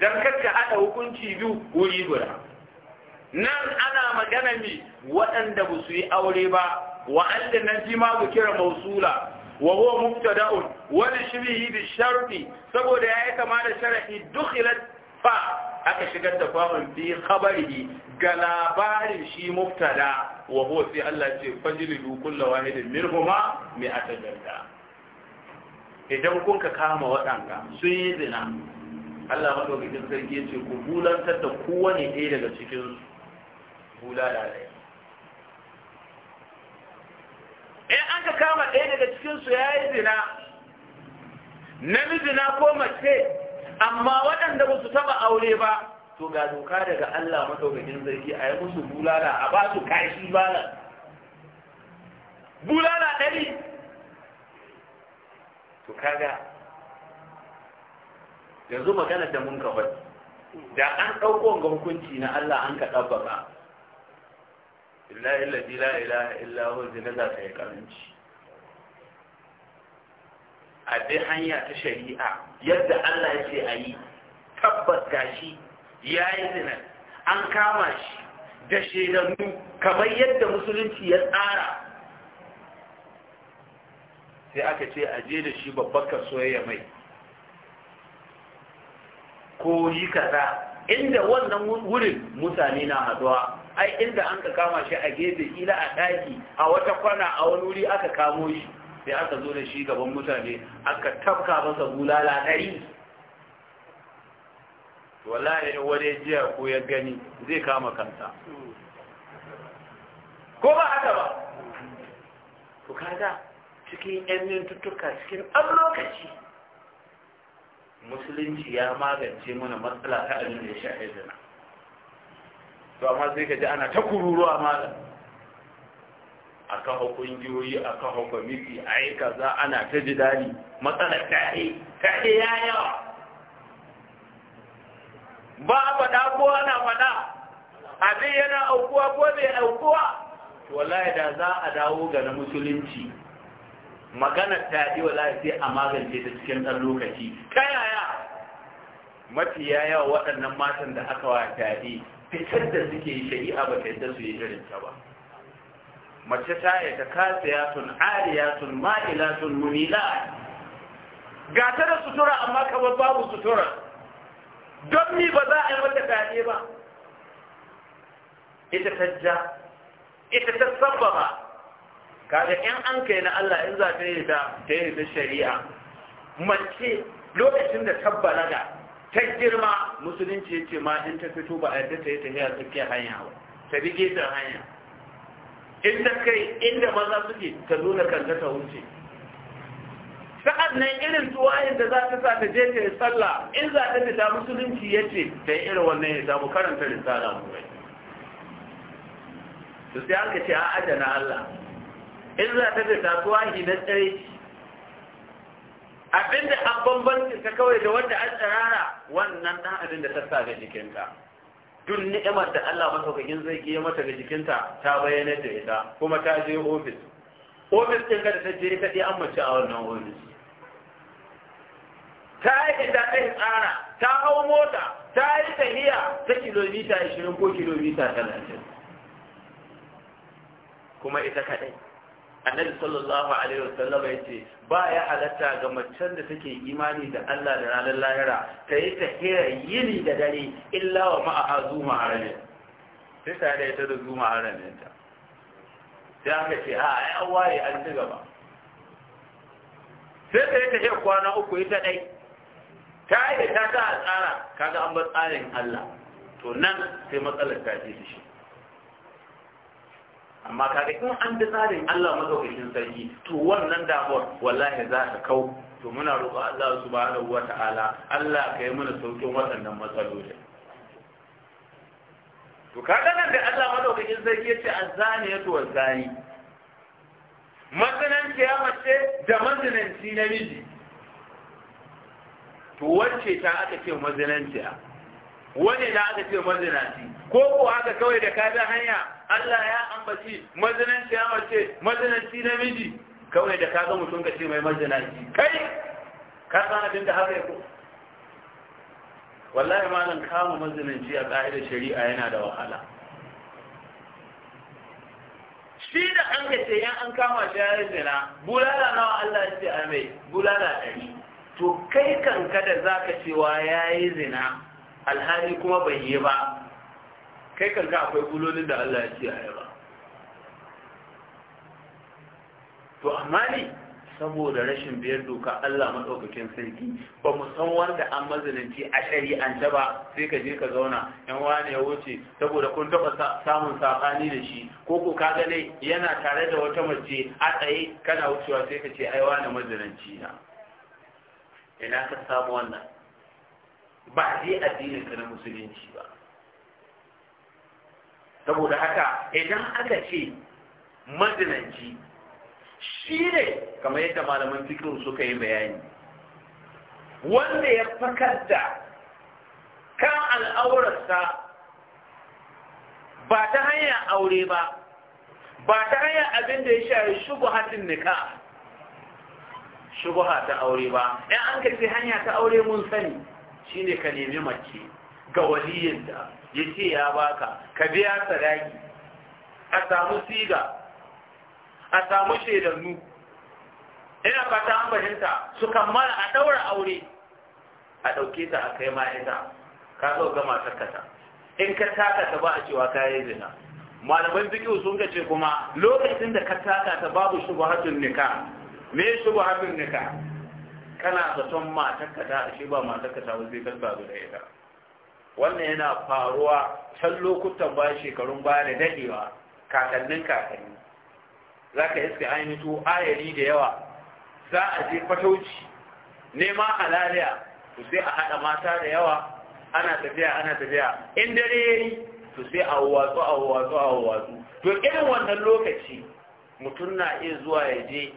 dan kakka haɗa hukunci biyu wuri guda nan ana magana mi waɗanda ba su yi aure ba wa'anda na ji ma kira mausula wa huwa mubtada'un wani li shibhi sharti saboda yi kama da sharhi duk fa aka shigar da fa'un bi habari ga labarin shi mubtada wa huwa sai Allah ce fajlidu kullu wahidin minhuma mi'ata jalda idan kun ka kama waɗanda sun yi zina Allah madaukakin sarki ya ce ku bulantar da kowane ɗaya daga cikin su bulala ɗaya in an ka kama ɗaya daga cikinsu ya yi zina namiji na ko mace amma waɗanda ba su taɓa aure ba to ga doka daga Allah maɗaukakin zargi a yi musu bulala a ba su kashi bala bulala ɗari to kaga yanzu magana da mun kafa da an ɗauko ga hukunci na Allah an ka ba Illa alladhi la ilaha illa huwa zina za ta yi karanci a dai hanya ta shari'a yadda Allah ya ce a yi tabbas gashi ya yi zina an kama shi da shaidannu kamar yadda musulunci ya tsara sai aka ce a je da shi babbar ka soyayya mai ko yi kaza inda wannan wurin mutane na haduwa ai inda an ka kama shi a gefe ila a ɗaki a wata kwana a wani wuri aka kamo shi sai aka zo da shi gaban mutane aka tafka masa bulala ɗari wallahi ne wani jiya ko ya gani zai kama kansa ko ba haka ba to kaga cikin yan mintuttuka cikin abu lokaci musulunci ya magance mana matsala ta abin da ya shahe to amma sai ka ji ana ta kururuwa malam a kafa kungiyoyi a kafa kwamiti a yi kaza ana ta ji dadi matsalar tare tare ya yawa ba a faɗa ko ana faɗa abin yana aukuwa ko bai aukuwa wallahi da za a dawo ga na musulunci maganar ta yi wallahi sai a magance ta cikin ɗan lokaci ta yaya mafi yaya waɗannan matan da aka wa tadi fitar da suke yi shari'a ba ta yadda su yi irin ta ba mace ta yi ta tun, ma'ila tun, munila ga ta da sutura amma kamar babu sutura don mi ba za a yi mata fyaɗe ba ita ta ja ita ta sabbaba kaga yan an kai na Allah in za ta yi ta shari'a mace lokacin da ta ta girma musulunci ya ce ma in ta fito ba a yadda ta yi tafiya tsakiyar hanya ba ta bi gefen hanya in ta kai inda maza suke ta zo da kanta ta wuce sa'ad nan irin tuwayin da za ta sa ta je ta yi sallah in za ta fita musulunci ya ce ta yi irin wannan ya samu karanta risala mu bai to sai aka ce a na Allah in za ta fita tuwahi na tsare abinda an bambancin ka kawai da wanda an tsirara wannan dan abin da sassa ga jikinka duk ni'imar da Allah masaukakin zai giye mata ga jikinta ta bayyana da ita kuma ta je ofis ofis ɗin ka da ta je ka ɗi an mace a wannan ofis ta yi da ta tsara ta hau mota ta yi tahiya ta kilomita 20 ko kilomita 30 kuma ita kaɗai annabi sallallahu alaihi wasallam ya ce ba ya halatta ga macen da take imani da Allah da ranar lahira ta yi ta hira yini da dare illa wa ma'aha zuma haramin sai ta da ita da zuma haramin ta sai aka ce a ai an waye an ci gaba sai ta yi hira kwana uku ita dai ta yi ta ta tsara kaga an bar tsarin Allah to nan sai matsalar ta ce shi amma kaga in an da tsarin Allah madaukakin sarki to wannan damuwar wallahi za ta kau to muna roƙo Allah subhanahu ta'ala. Allah ka yi mana saukin waɗannan matsaloli to kaga nan da Allah madaukakin sarki ya ce azani yato wazani mazinanciya mace da mazinanci namiji to wacce ta aka ce mazinanciya wani na aka ce mazinaci ko ko haka kawai da ka hanya Allah ya ambaci mazinanci ya mace mazinanci namiji kawai da kaga mutum ka ce mai mazinanci kai ka san abin da haka ya wallahi malam kama mazinanci a ka'idar shari'a yana da wahala shi da an ka ce yan an kama shi ya zina bulala nawa Allah ya ce a mai bulala ɗari to kai kanka da zaka cewa ya yi zina alhali kuma bai yi ba kai kan ga akwai kulolin da Allah ya ce a yaba to amma ne saboda rashin biyar doka Allah maɗaukakin sarki ba mu san wanda an mazalinci a shari'ance ba sai ka je ka zauna yan wani ya wuce saboda kun taɓa samun saƙani da shi ko ko ka gane yana tare da wata mace a tsaye kana wucewa sai ka ce ai wani mazalinci na ina ka samu wannan ba sai addinin ka na musulunci ba saboda haka idan aka ce mazinanci shi ne kamar yadda malaman cikin suka yi bayani wanda ya fakar da kan al'aurarsa ba ta hanyar aure ba ba ta hanyar abin da ya shari shubuhatin nika shubuha ta aure ba ɗan an ka hanya ta aure mun sani shine ka nemi mace ga da ya ce ya baka ka biya sadaki a samu siga a samu shaidannu ina fata an fahimta su kammala a ɗaura aure a ɗauke ta a kai ma'aita ka sau gama in ka taka ta ba a cewa ka zina malaman fikiyu sun ce kuma lokacin da ka taka ta babu shubuhatun nika me shubuhatun nika kana zaton matakata a shi ba matarkata ba zai kalba da ita wannan yana faruwa can lokutan ba shekarun baya da dadewa kakannin kakanni za ka iska ainihin ayari da yawa za a je fatauci nema halaliya to sai a haɗa mata da yawa ana tafiya ana tafiya in dare ya yi to sai a watsu a watsu a watsu to irin wannan lokaci mutum na iya zuwa ya je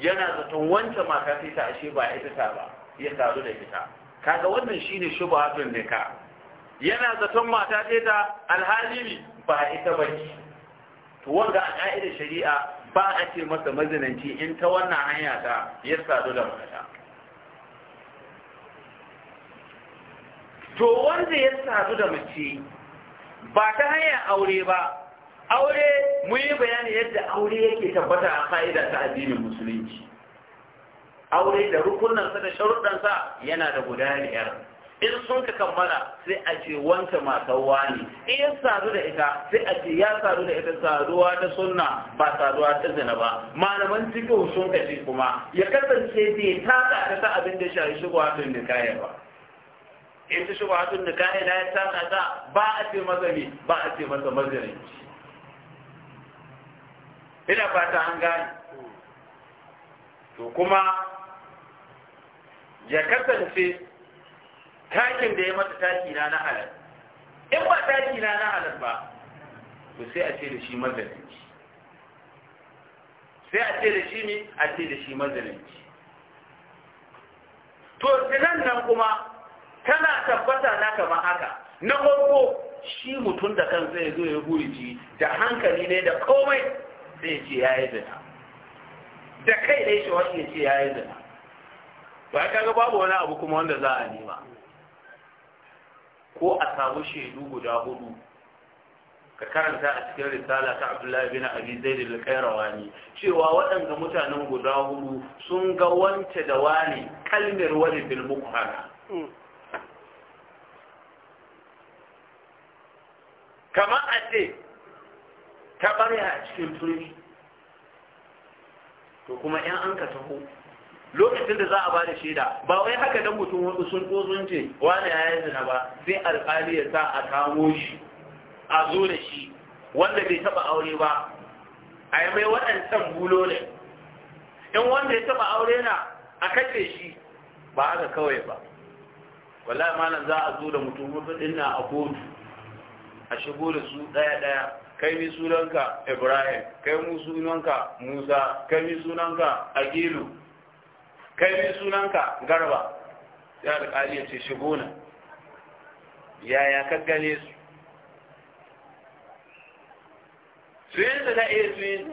yana zaton wancan mata sai ta ashe ba ita ta ba ya taru da ita kaga wannan shine shubhatun ka. yana zaton mata ce ta alhali ne ba ita ba ce to wanda a ka'idar shari'a ba a ce masa mazinanci in ta wannan hanya ta ya sadu da mata to wanda ya sadu da mace ba ta hanyar aure ba aure mu yi bayani yadda aure yake tabbata a fa'ida ta addinin musulunci aure da rukunansa da sharuɗansa yana da guda biyar in sun ka kammala sai a ce wanke matar ne in ya sadu da ita sai a ce ya sadu da ita saduwa ta sunna ba saduwa ta zina ba malaman cikin sun ka ce kuma ya kasance bai ta tsaka ta abin da shari'a shi wato da kaya ba in ta shi wato da kaya na ya tsaka ta ba a ce mazari ba a ce masa mazari ina fata an gane to kuma ya kasance takin da ya mata taki na na halal in ba taki na na halal ba to sai a ce da shi mazalinci sai a ce da shi ne a ce da shi mazalinci to zinan nan kuma tana tabbata na kamar haka na farko shi mutum da kan zai zo ya guriji da hankali ne da komai zai ce ya yi zina da kai ne shi wani ya ce ya yi zina ba ya kaga babu wani abu kuma wanda za a nema ko a samu shaidu guda hudu ka karanta a cikin risala ta abdullahi bin abi zaid al-qayrawani cewa waɗanda mutanen guda hudu sun ga wance da wani kalmar wani bil mukhara kama a ce ta ɓarya a cikin turi to kuma in an ka taho lokacin da za a bada shaida ba wai haka dan mutum wani sun tsotsun ce wani ya yi zina ba sai alƙali ya sa a kamo shi a zo da shi wanda bai taɓa aure ba a yi mai waɗancan bulo ne in wanda ya taɓa aure na a kace shi ba haka kawai ba wallahi mana za a zo da mutum wasu dinna a kotu a shigo da su ɗaya-ɗaya kai mi sunanka ibrahim kai mu sunanka musa kai mi sunanka agilu kai ne sunanka garba ya alƙali ya ce shigo na yaya ka gane su su da na iya su yi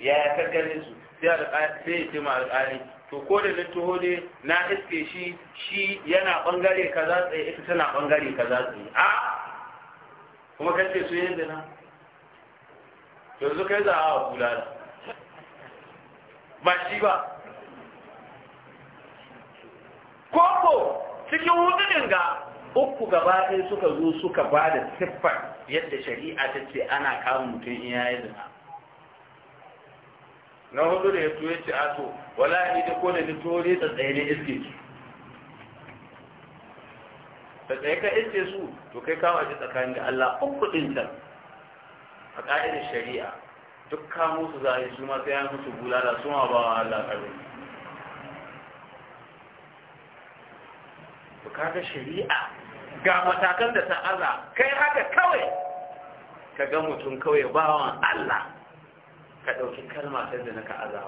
yaya ka gane su sai ya ce ma alƙali to ko da na tuho ne na iske shi shi yana ɓangare za tsaye ita tana ɓangare za tsaye a kuma ce su da na yanzu kai za a kula ba shi ba koko cikin hudun ga uku gaba ɗaya suka zo suka ba da siffar yadda shari'a ta ce ana kawo mutum in yi zina na hudu da ya tuye ce a to wala yi da ko da ni ta tsaye ne iske ki ta tsaye ka iske su to kai a ji tsakanin da Allah uku ɗin can a ƙa'idar shari'a duk kamo su za a yi su ma sai an musu bulala su ma ba Allah ƙarfi kaga shari'a ga matakan da ta Allah, kai haka kawai ka ga mutum kawai bawan Allah ka ɗauki kalma ta da naka aza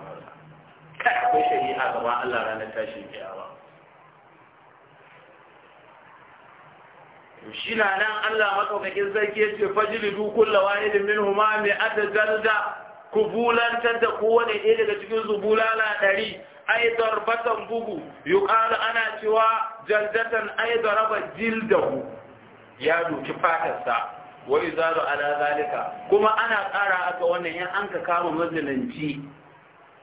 ka akwai shari'a gaba Allah ranar tashi kiyawa shi na nan Allah matsaukakin sarki ya ce fajili dukun lawahidin min huma mai adadar da kubulantar da kowane ɗaya daga cikin zubulala ɗari ai darbatan bugu yuqalu ana cewa jaldatan ai daraba jildahu ya doki fatarsa wa su ala zalika kuma ana ƙara aka wannan in an ka kama mazalanci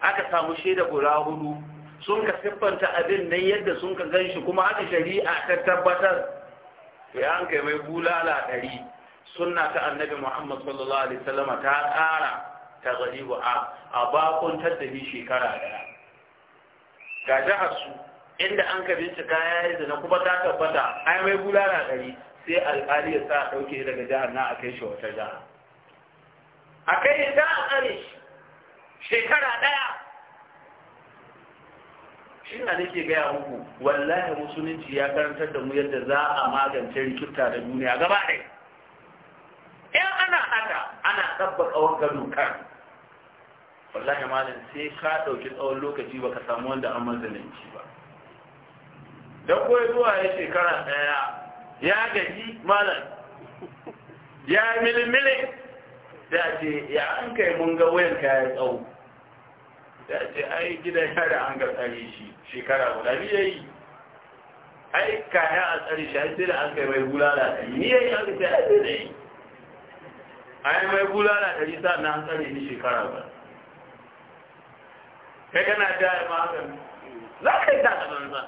aka samu shaida guda hudu sun ka siffanta abin nan yadda sun ka ganshi kuma aka shari'a ta tabbatar ya an kai mai bulala ɗari sunna ta annabi muhammad sallallahu alaihi wasallam ta ƙara ta garibu a bakon tattabi shekara ɗaya ga jihar su inda an ka bincika ya yi zina kuma ta tabbata ai mai bulala ɗari sai alkali ya sa ɗauke daga jihar na a kai shi wata jihar a kai za a tsare shekara ɗaya shi na nake gaya muku wallahi musulunci ya karantar da mu yadda za a magance rikita da duniya gaba ɗaya in ana haka ana tabbaka ga dokar wallahi malam sai ka ɗauki tsawon lokaci ba ka samu wanda an mazalinci ba don koyi zuwa ya shekara ɗaya ya gaji malam ya milimile da ce ya an kai mun ga wayan ka ya tsawo da ce ai gidan yara an ga tsari shi shekara guda ni yayi ai ka ya a tsare shi sai da an kai mai bulala da ni yayi an ga sai ai mai bulala da ni sa na an tsare ni shekara guda kai kana jaya ma hakan za ka yi taka banza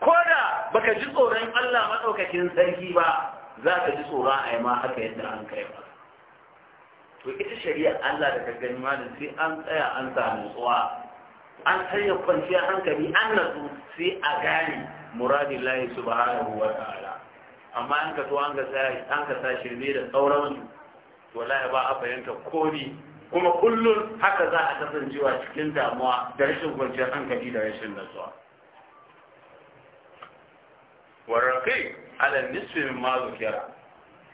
ko da baka ji tsoron Allah maɗaukakin sarki ba za ka ji tsoron a yi ma haka yadda an kai ba to ita shari'ar Allah da ka gani ma sai an tsaya an samu tsuwa an sanya kwanciyar hankali an natsu sai a gane muradin lahi subhanahu wa ta'ala amma an ka to an ka sa shirme da sauransu to ba a fahimta komi kuma kullum haka za a kasancewa cikin damuwa da rashin kwanciyar hankali da rashin nasuwa warrakai ala nisfi min ma zukira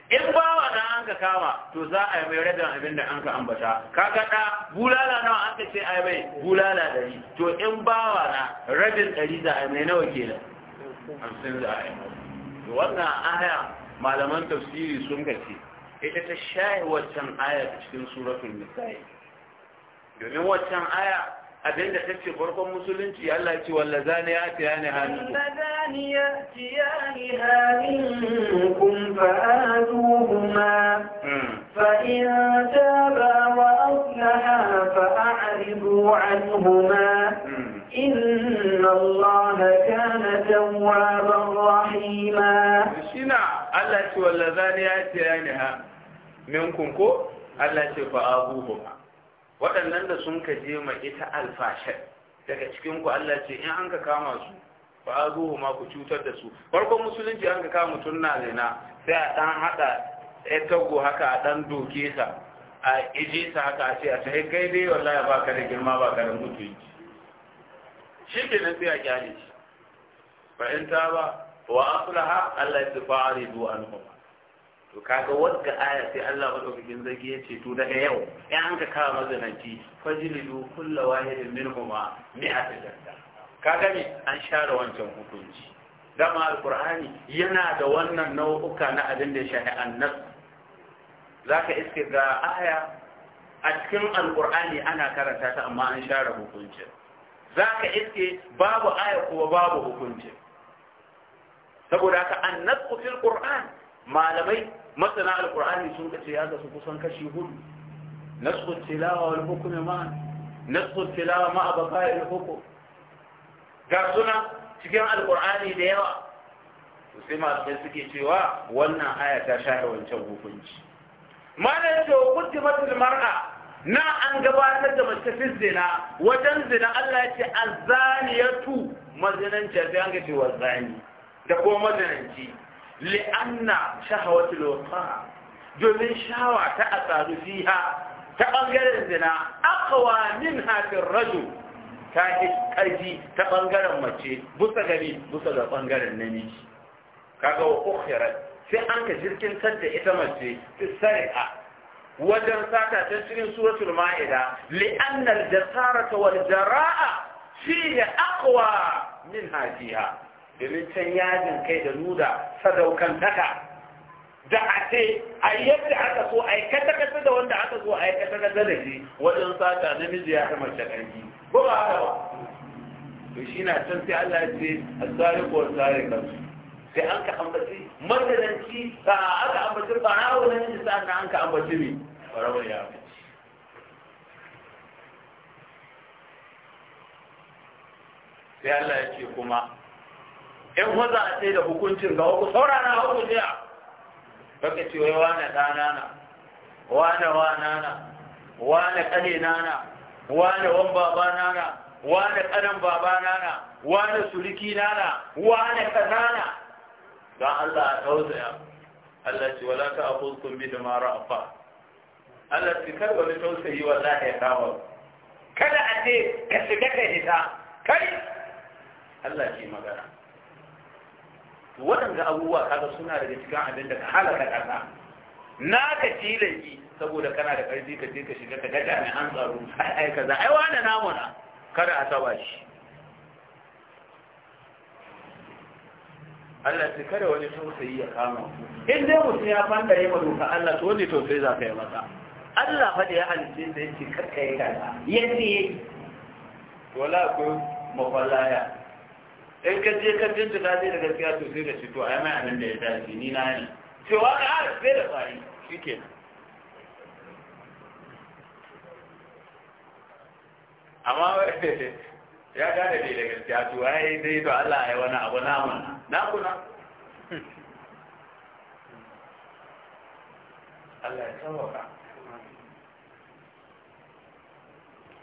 in bawa na an ka kama to za a yi mai rabin abin da an ka ambata ka da bulala nawa an ka ce a yi mai bulala dari to in bawa na rabin dari za a yi mai nawa kenan hamsin za a yi mai wannan aya malaman tafsiri sun ka ce ita ta shaye waccan aya cikin suratul nisa'i domin waccan aya abinda ta ce farkon musulunci Allah ya ce wallazani ya tiya ne hannu wallazani ya tiya ne hannun kun fa'aduhuma hmm. fa in taba wa aslaha fa a'ridu anhuma hmm. inna Allah kana tawwaban rahima shina Allah ya ce wallazani ya tiya ne hannun minkum ko Allah ce fa ba. waɗannan da sun ka je ma ita alfashar daga cikin ku Allah ce in an ka kama su fa abuhuma ku cutar da su farkon musulunci an ka kama mutum na zina sai a dan hada ya tago haka a dan doke sa a ije sa haka a ce a sai kai dai wallahi ba ka da girma ba ka da mutunci shi ke nan sai a kyale shi fa ba wa aslaha Allah ya tafi anhum to kaga wanda aya sai Allah madaukakin zagi ya ce to daga yau in an ka kawo mazanaci fajilu kullu wahidin minhuma mi'at jarda kaga me an share wancan hukunci dama alqur'ani yana da wannan nau'uka na abin da ya shafi annas zaka iske ga aya a cikin alqur'ani ana karanta ta amma an share hukunci zaka iske babu aya kuma babu hukunci saboda haka annas fil qur'an malamai masana alkur'ani sun kace ya su kusan kashi hudu nasu tilawa wal hukm ma nasu tilawa ma al hukm ga suna cikin alkur'ani da yawa sai sai suke cewa wannan aya ta shafe wancan hukunci malam ce wa kutimatul mar'a na an gabatar da mace fi zina wajen zina Allah ya ce azaniyatu mazinanci sai an ga cewa zani da kuma mazinanci li'anna shahawatul wafa domin shawa ta asaru fiha ta bangaren zina aqwa min hafin rajo, ta karfi ta bangaren mace busa gari busa da bangaren namiji kaga wa ukhirat sai an ka jirkin da ita mace fi a. wajen sata ta cikin suratul ma'ida li'anna al-jasarata wal jara'a fiha aqwa min hafiha. domin can yajin kai da nuna sadaukan sadaukantaka da a ce a yadda aka so a yi kata da wanda aka so a yi kata da shi wajen sata namiji ya kama shakarki ko ba haka ba to shi na can sai Allah ya ce a tsari ko tsari kansu sai an ka ambaci mazalanci ba aka ambaci ba na wani namiji sa'an an ka ambaci ne barawar ya ambaci sai Allah ya ce kuma in waza a ce da hukuncin ga waku saurana haku jiya baka ce wai wane ɗana na wane wana na wane ƙane na na wane wan baba na na wane ƙanan baba na na wane suriki na na wane kaza na don Allah a tausaya Allah ce wala ta sun bi da mara afa Allah ce kar wani tausayi wallahi yi kawo kada a ce ka shiga ka hita kai Allah ce magana waɗanda abubuwa kaga suna daga cikin abin da ka halaka ƙasa na ka yi saboda kana da ƙarfi ka je ka shiga ka ga jami'an tsaro ai ai kaza ai wani namu na kada a saba shi Allah sai kada wani tausayi ya kama ku in dai mutum ya fanda ya ma doka Allah to wani tausayi za ka yi masa Allah fa da ya halice sa yace karka yi kaza Ya yayi wala ko mafalaya in ka je ka jinta ta da gaskiya to sai ka ci to ai mai abin da ya dace ni na ne cewa ka har sai da tsari shike amma (laughs) ya gane bai da gaskiya to ai dai to Allah ya wani abu na mun na kuna (laughs) Allah ya tsawaka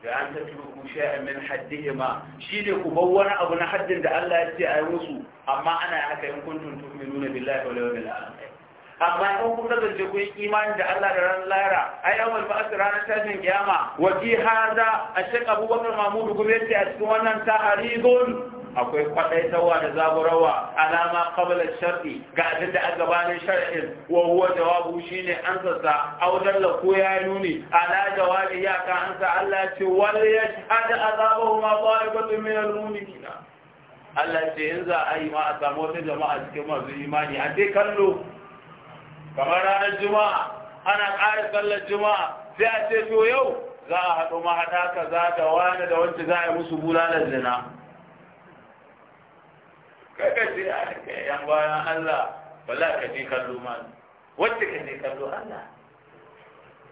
da an tafi turku sha'an min haddihima shi ne ku bar wani abu na haddin da Allah ya ce a yi musu amma ana haka in kuntum tu'minuna billahi wal yawmil akhir amma in kun kasance kun yi imani da Allah da ran lahira ai awal ba ranar tashin kiyama wa fi hada a abubakar mahmud gumi yace a cikin wannan taharibun akwai kwaɗaitarwa da zaburawa alama qabla shar'i ga abin da a gabanin shar'in wa huwa jawabu shine ansarsa aw da ko ya nuni ala jawabi ya ka ansa Allah ce ya ci. wal yashhad azabahuma ta'ifatu min al-mu'minina Allah ce in za a yi ma a samu wata jama'a cikin masu imani a dai kallo kamar ranar juma'a ana ƙara kallon juma'a sai a ce to yau za a haɗu mahaɗa kaza da wani da wancan za a yi musu bulalar zina kaga ce a kai yan bayan Allah wala ka je kallo ma wacce ka je kallo Allah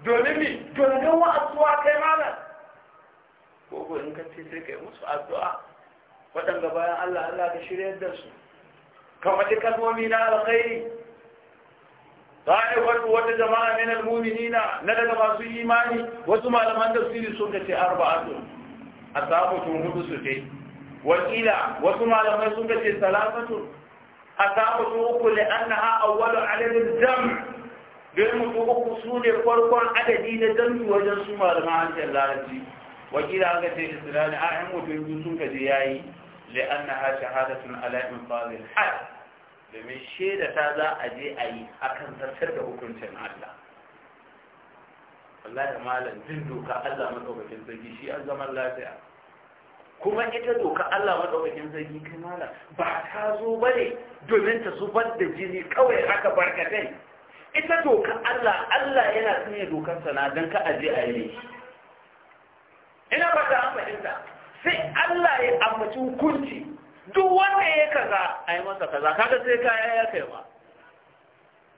domin mi domin wa'azuwa kai malam ko ko in ka ce sai kai musu addu'a waɗanda bayan Allah Allah ka shirya da su kamar da kalmomi na alkhairi ta'ifatu wata jama'a min almu'minina na daga masu imani wasu malaman tafsiri sun ce arba'atu asabu tun hudu su dai wakila wasu malamai sun ce salatatu a su uku li annaha awwalu adadin jam domin su uku su ne farkon adadi na jami wajen su malaman hancin larabci wakila aka ce islami a yan mutum sun kaje yayi li annaha shahadatun ala infadil hajj domin shaida ta za a je a yi a akan zartar da hukuncin Allah. Allah ya malam jin doka Allah maɗaukakin sarki shi an zaman lafiya. kuma ita doka Allah maɗaukakin zargi kamala ba ta zo ba ne domin ta zubar da jini kawai haka barkatai ita doka Allah Allah yana sanya dokar sana don ka aje a yi ina ba ta amfahimta sai Allah ya ambaci hukunci duk wanda ya kaza a yi masa kaza kaga sai kaya ya kai ba.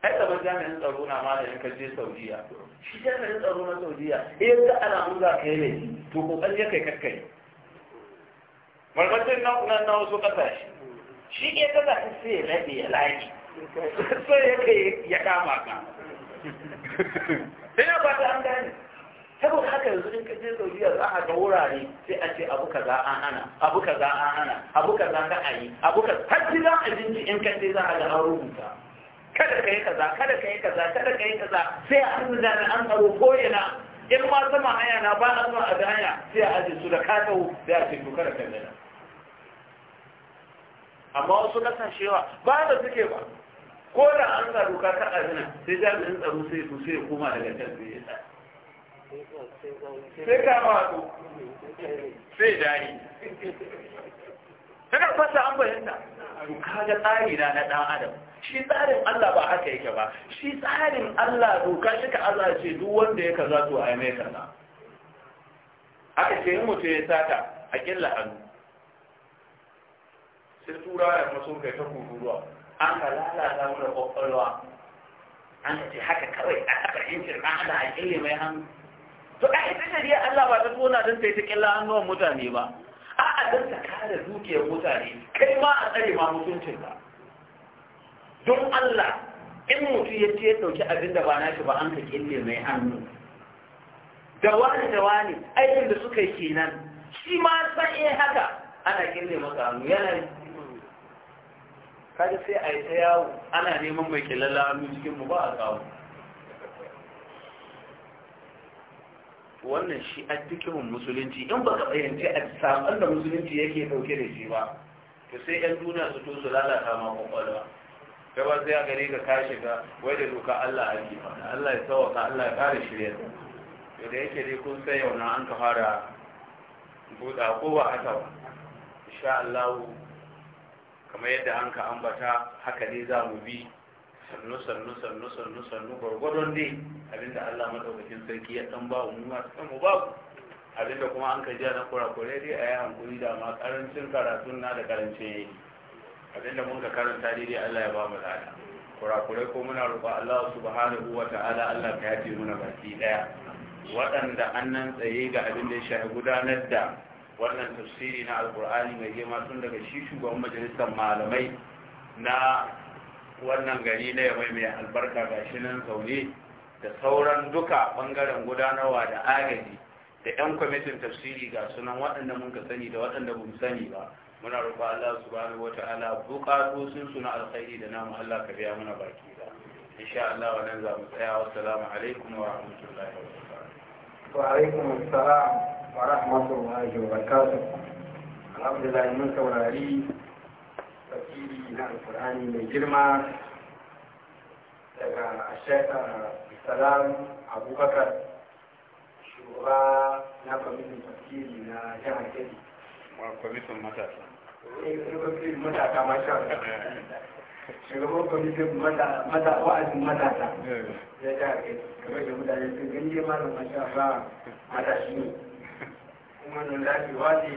ai sabon jami'in tsaro na malamin ka je saudiya shi jami'in tsaro na saudiya eh ga alamun za ka yi to kokarin ya kai kakkai marmarin nan na wasu ƙasashe shi ke kaza in sai ya rabe ya laki (laughs) sai ya kai ya kama ka ina ba ta an gane saboda haka yanzu in ka je Saudiya za a ga wurare sai a ce abu kaza an hana abu kaza an hana abu kaza ka a yi abu kaza har ji za a jinji in ka za a ga an rubuta kada ka yi kaza kada ka yi kaza kada ka yi kaza sai a an da an tsaro ko ina in ma sama haya na ba a zuwa a ga haya sai a aje su da ka tau sai a ce to kada ka amma wasu kasashewa ba da suke ba ko da an ga doka ta ƙarfina sai jami'in tsaro sai su sai koma daga can sai ya sai ka faɗo sai dani tana fata an bayyana doka ga tsari na na ɗan adam shi tsarin Allah ba haka yake ba shi tsarin Allah doka shi ka ce duk wanda ya kaza to a mai kaza aka ce yi mutum ya sata a killa hannu sai turawa ya kuma sun kai ta kururuwa an ka lalata mana kwakwalwa an ce haka kawai a haka yancin an hada a kille mai hannu to a ita shari'a Allah ba ta tona don ta yi ta killa hannuwan mutane ba a'a don ta kare dukiyar mutane kai ma a tsare ma mutuncin ba don Allah in mutum ya ce ya ɗauki abin da ba nashi ba an ka ƙille mai hannu da wani da wani aikin da suka yi kenan shi ma san haka ana ƙille maka hannu yana Kada sai a yi ta yawo ana neman mai kilalla hannu cikin mu ba a kawo wannan shi a cikin musulunci in ba ka bayyance a saman da musulunci yake dauke da shi ba to sai yan duniya su to su lalata ma kwakwalwa kai ba sai a gare ka ka shiga wai da doka Allah a ji Allah ya ka, Allah ya kare shirya to da yake dai kun sai yau na an ka fara buɗa ko ba haka ba insha kamar yadda an ka ambata haka ne za mu bi sannu sannu sannu sannu sannu gwargwadon dai abinda Allah madaukakin sarki ya san ba mu ma san mu babu abinda kuma an ka ji na kurakure dai a yi hankuri da ma karancin karatun na da karancin yi abinda mun ka karanta dai Allah ya ba mu lada kurakure ko muna roƙo Allah subhanahu wa ta'ala Allah ka yafe muna baki daya waɗanda annan tsaye ga abin da ya shafi gudanar da wannan tafsiri na alkur'ani mai girma tun daga shi shugaban majalisar malamai na wannan gari na yamai mai albarka ga shi nan zaune da sauran duka bangaren gudanarwa da agaji da 'yan kwamitin tafsiri ga sunan waɗanda mun ka sani da waɗanda mun sani ba muna rufa Allah su subhanahu bukatu sun na alkhairi da namu Allah ka biya mana baki da insha Allah wannan za mu tsaya wa salamu alaikum wa rahmatullahi wa barakatuh wa alaikum assalam wa rahmatullahi wa barakatuh alhamdulillah mun saurari tafsiri na alqur'ani mai girma daga shekara salam abubakar shugaba na kwamitin tafsiri na jihar kebbi ma kwamitin matasa kwamitin matasa ma kwamitin wa'azin matasa ya jihar kebbi kamar da mutane sun gani malam masha Allah matashi ne kuma nan lafi wasi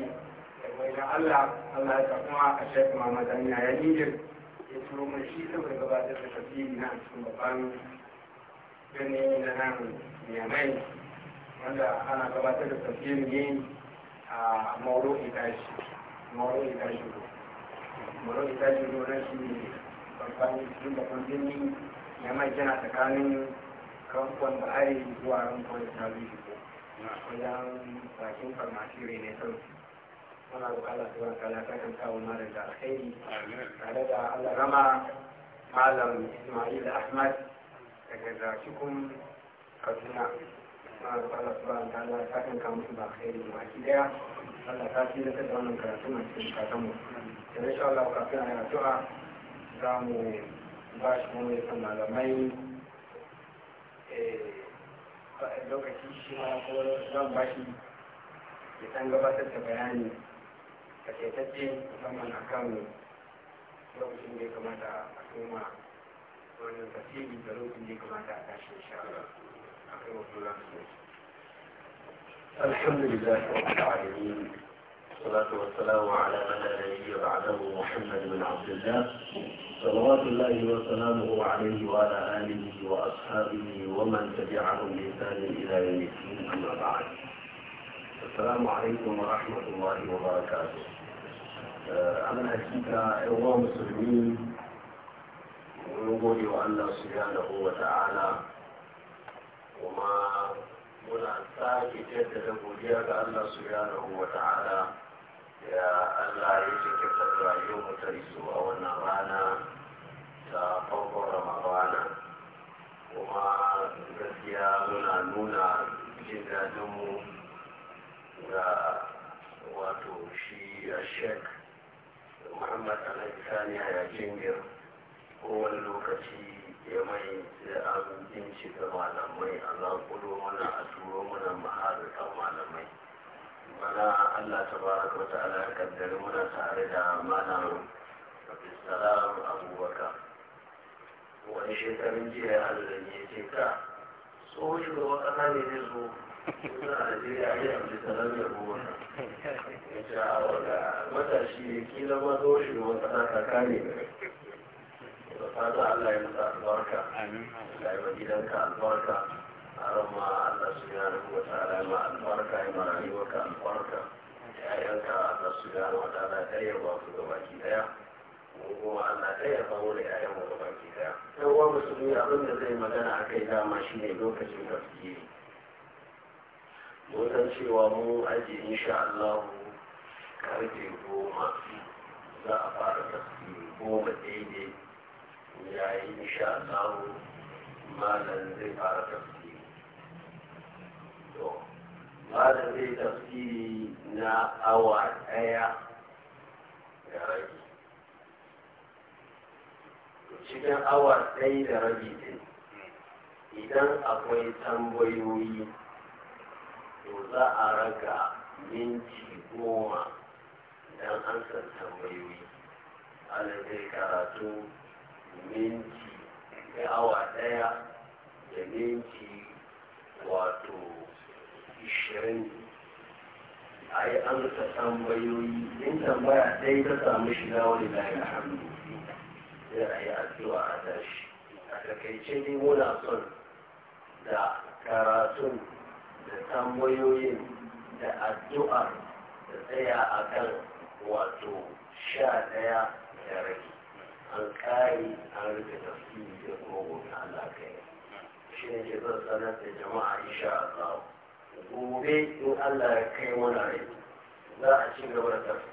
da bayan Allah Allah ya kuma a shek Muhammad Ali ya yi ya turo mun shi saboda gabatar da tafsiri na cikin babban gani na nan Niamey wanda ana gabatar da tafsiri ne a Mauru'i Tashi Mauru'i Tashi Mauru'i Tashi ne shi babban cikin babban ya Niamey yana tsakanin kan kamfan da hari zuwa rumfan da tarihi wajen bakin farmasiyo ne sauki muna roƙa Allah su barka ya kakan kawo malam da alkhairi tare da Allah rama malam Ismail Ahmad daga Zakikun Kaduna muna roƙa Allah su barka Allah ya kakan kawo musu da alkhairi ba ki daya Allah ta fi nasa da wannan karatu na cikin kakanmu da na sha Allah kafin a yi za mu ba shi kuma malamai eh, lokaci shi ma ko zan bashi ya san gabatar da bayani a taitacce musamman a kan lokacin da ya kamata a koma wannan tasiri da lokacin da ya kamata a tashi insha Allah a kai wasu lafiya. الحمد لله رب العالمين والصلاة والسلام على من لا نبي بعده محمد بن عبد الله صلوات الله وسلامه عليه وعلى آله وأصحابه ومن تبعهم بإحسان إلى يوم الدين أما بعد السلام عليكم ورحمة الله وبركاته آه، أنا الحقيقة إخوان مسلمين ونقول الله سبحانه وتعالى وما ولا sake jaddada godiya الله سبحانه وتعالى ya Allah ya jinkirta rayuwar ta iso a wannan rana ta farkon ramadana kuma gaskiya muna nuna jin dadinmu ga wato shi a shek muhammad alhaji sani a kowane lokaci ya mai sai an bincika malamai a zakulo mana a turo mana maharar malamai mana Allah ta baraka wata ala ya kaddari muna tare da malam Abdulsalam Abubakar wani shekarun jiya ya halin ya ce ka tsohon shugaban ƙasa ne zai zo suna Najeriya ya Abdulsalam Abubakar ya ce a wanda matashi ne kila ma tsohon shugaban ƙasa kaka ne da fata Allah ya musa albarka, Allah ya gidanka albarka, arama Allah su ya rubu wata alama albarka ya marayuwarka albarka yayanka Allah su ya rubu wata ala ta yi yarba su ga baki daya mu kuma Allah ta yarba mu da yayan mu ga baki daya yan uwa musulmi abin da zai magana a kai dama shine lokacin tafsiri mun san cewa mu aji insha Allah karfe goma za a fara tafsiri goma daidai yayin insha Allah malam zai fara tafsiri Mala zai tafsiri na awa ɗaya da rabi. Cikin awa ɗaya da rabi din, idan akwai tambayoyi, to za a raga minti goma don an san tambayoyi. Mala zai karatu minti da awa ɗaya da minti wato ishirin a yi an ta tambayoyi in tambaya ɗaya ta samu shiga wani da ya hannu da a yi addu'a a tashi a takaice ne muna son da karatun da tambayoyin da addu'a da tsaya a kan wato sha ɗaya da rage an kari an rike tafsiri da kuma gobe shi ne ke zan sanar da jama'a insha Allah gobe in Allah ya kai wani rai za a ci gaba da tafi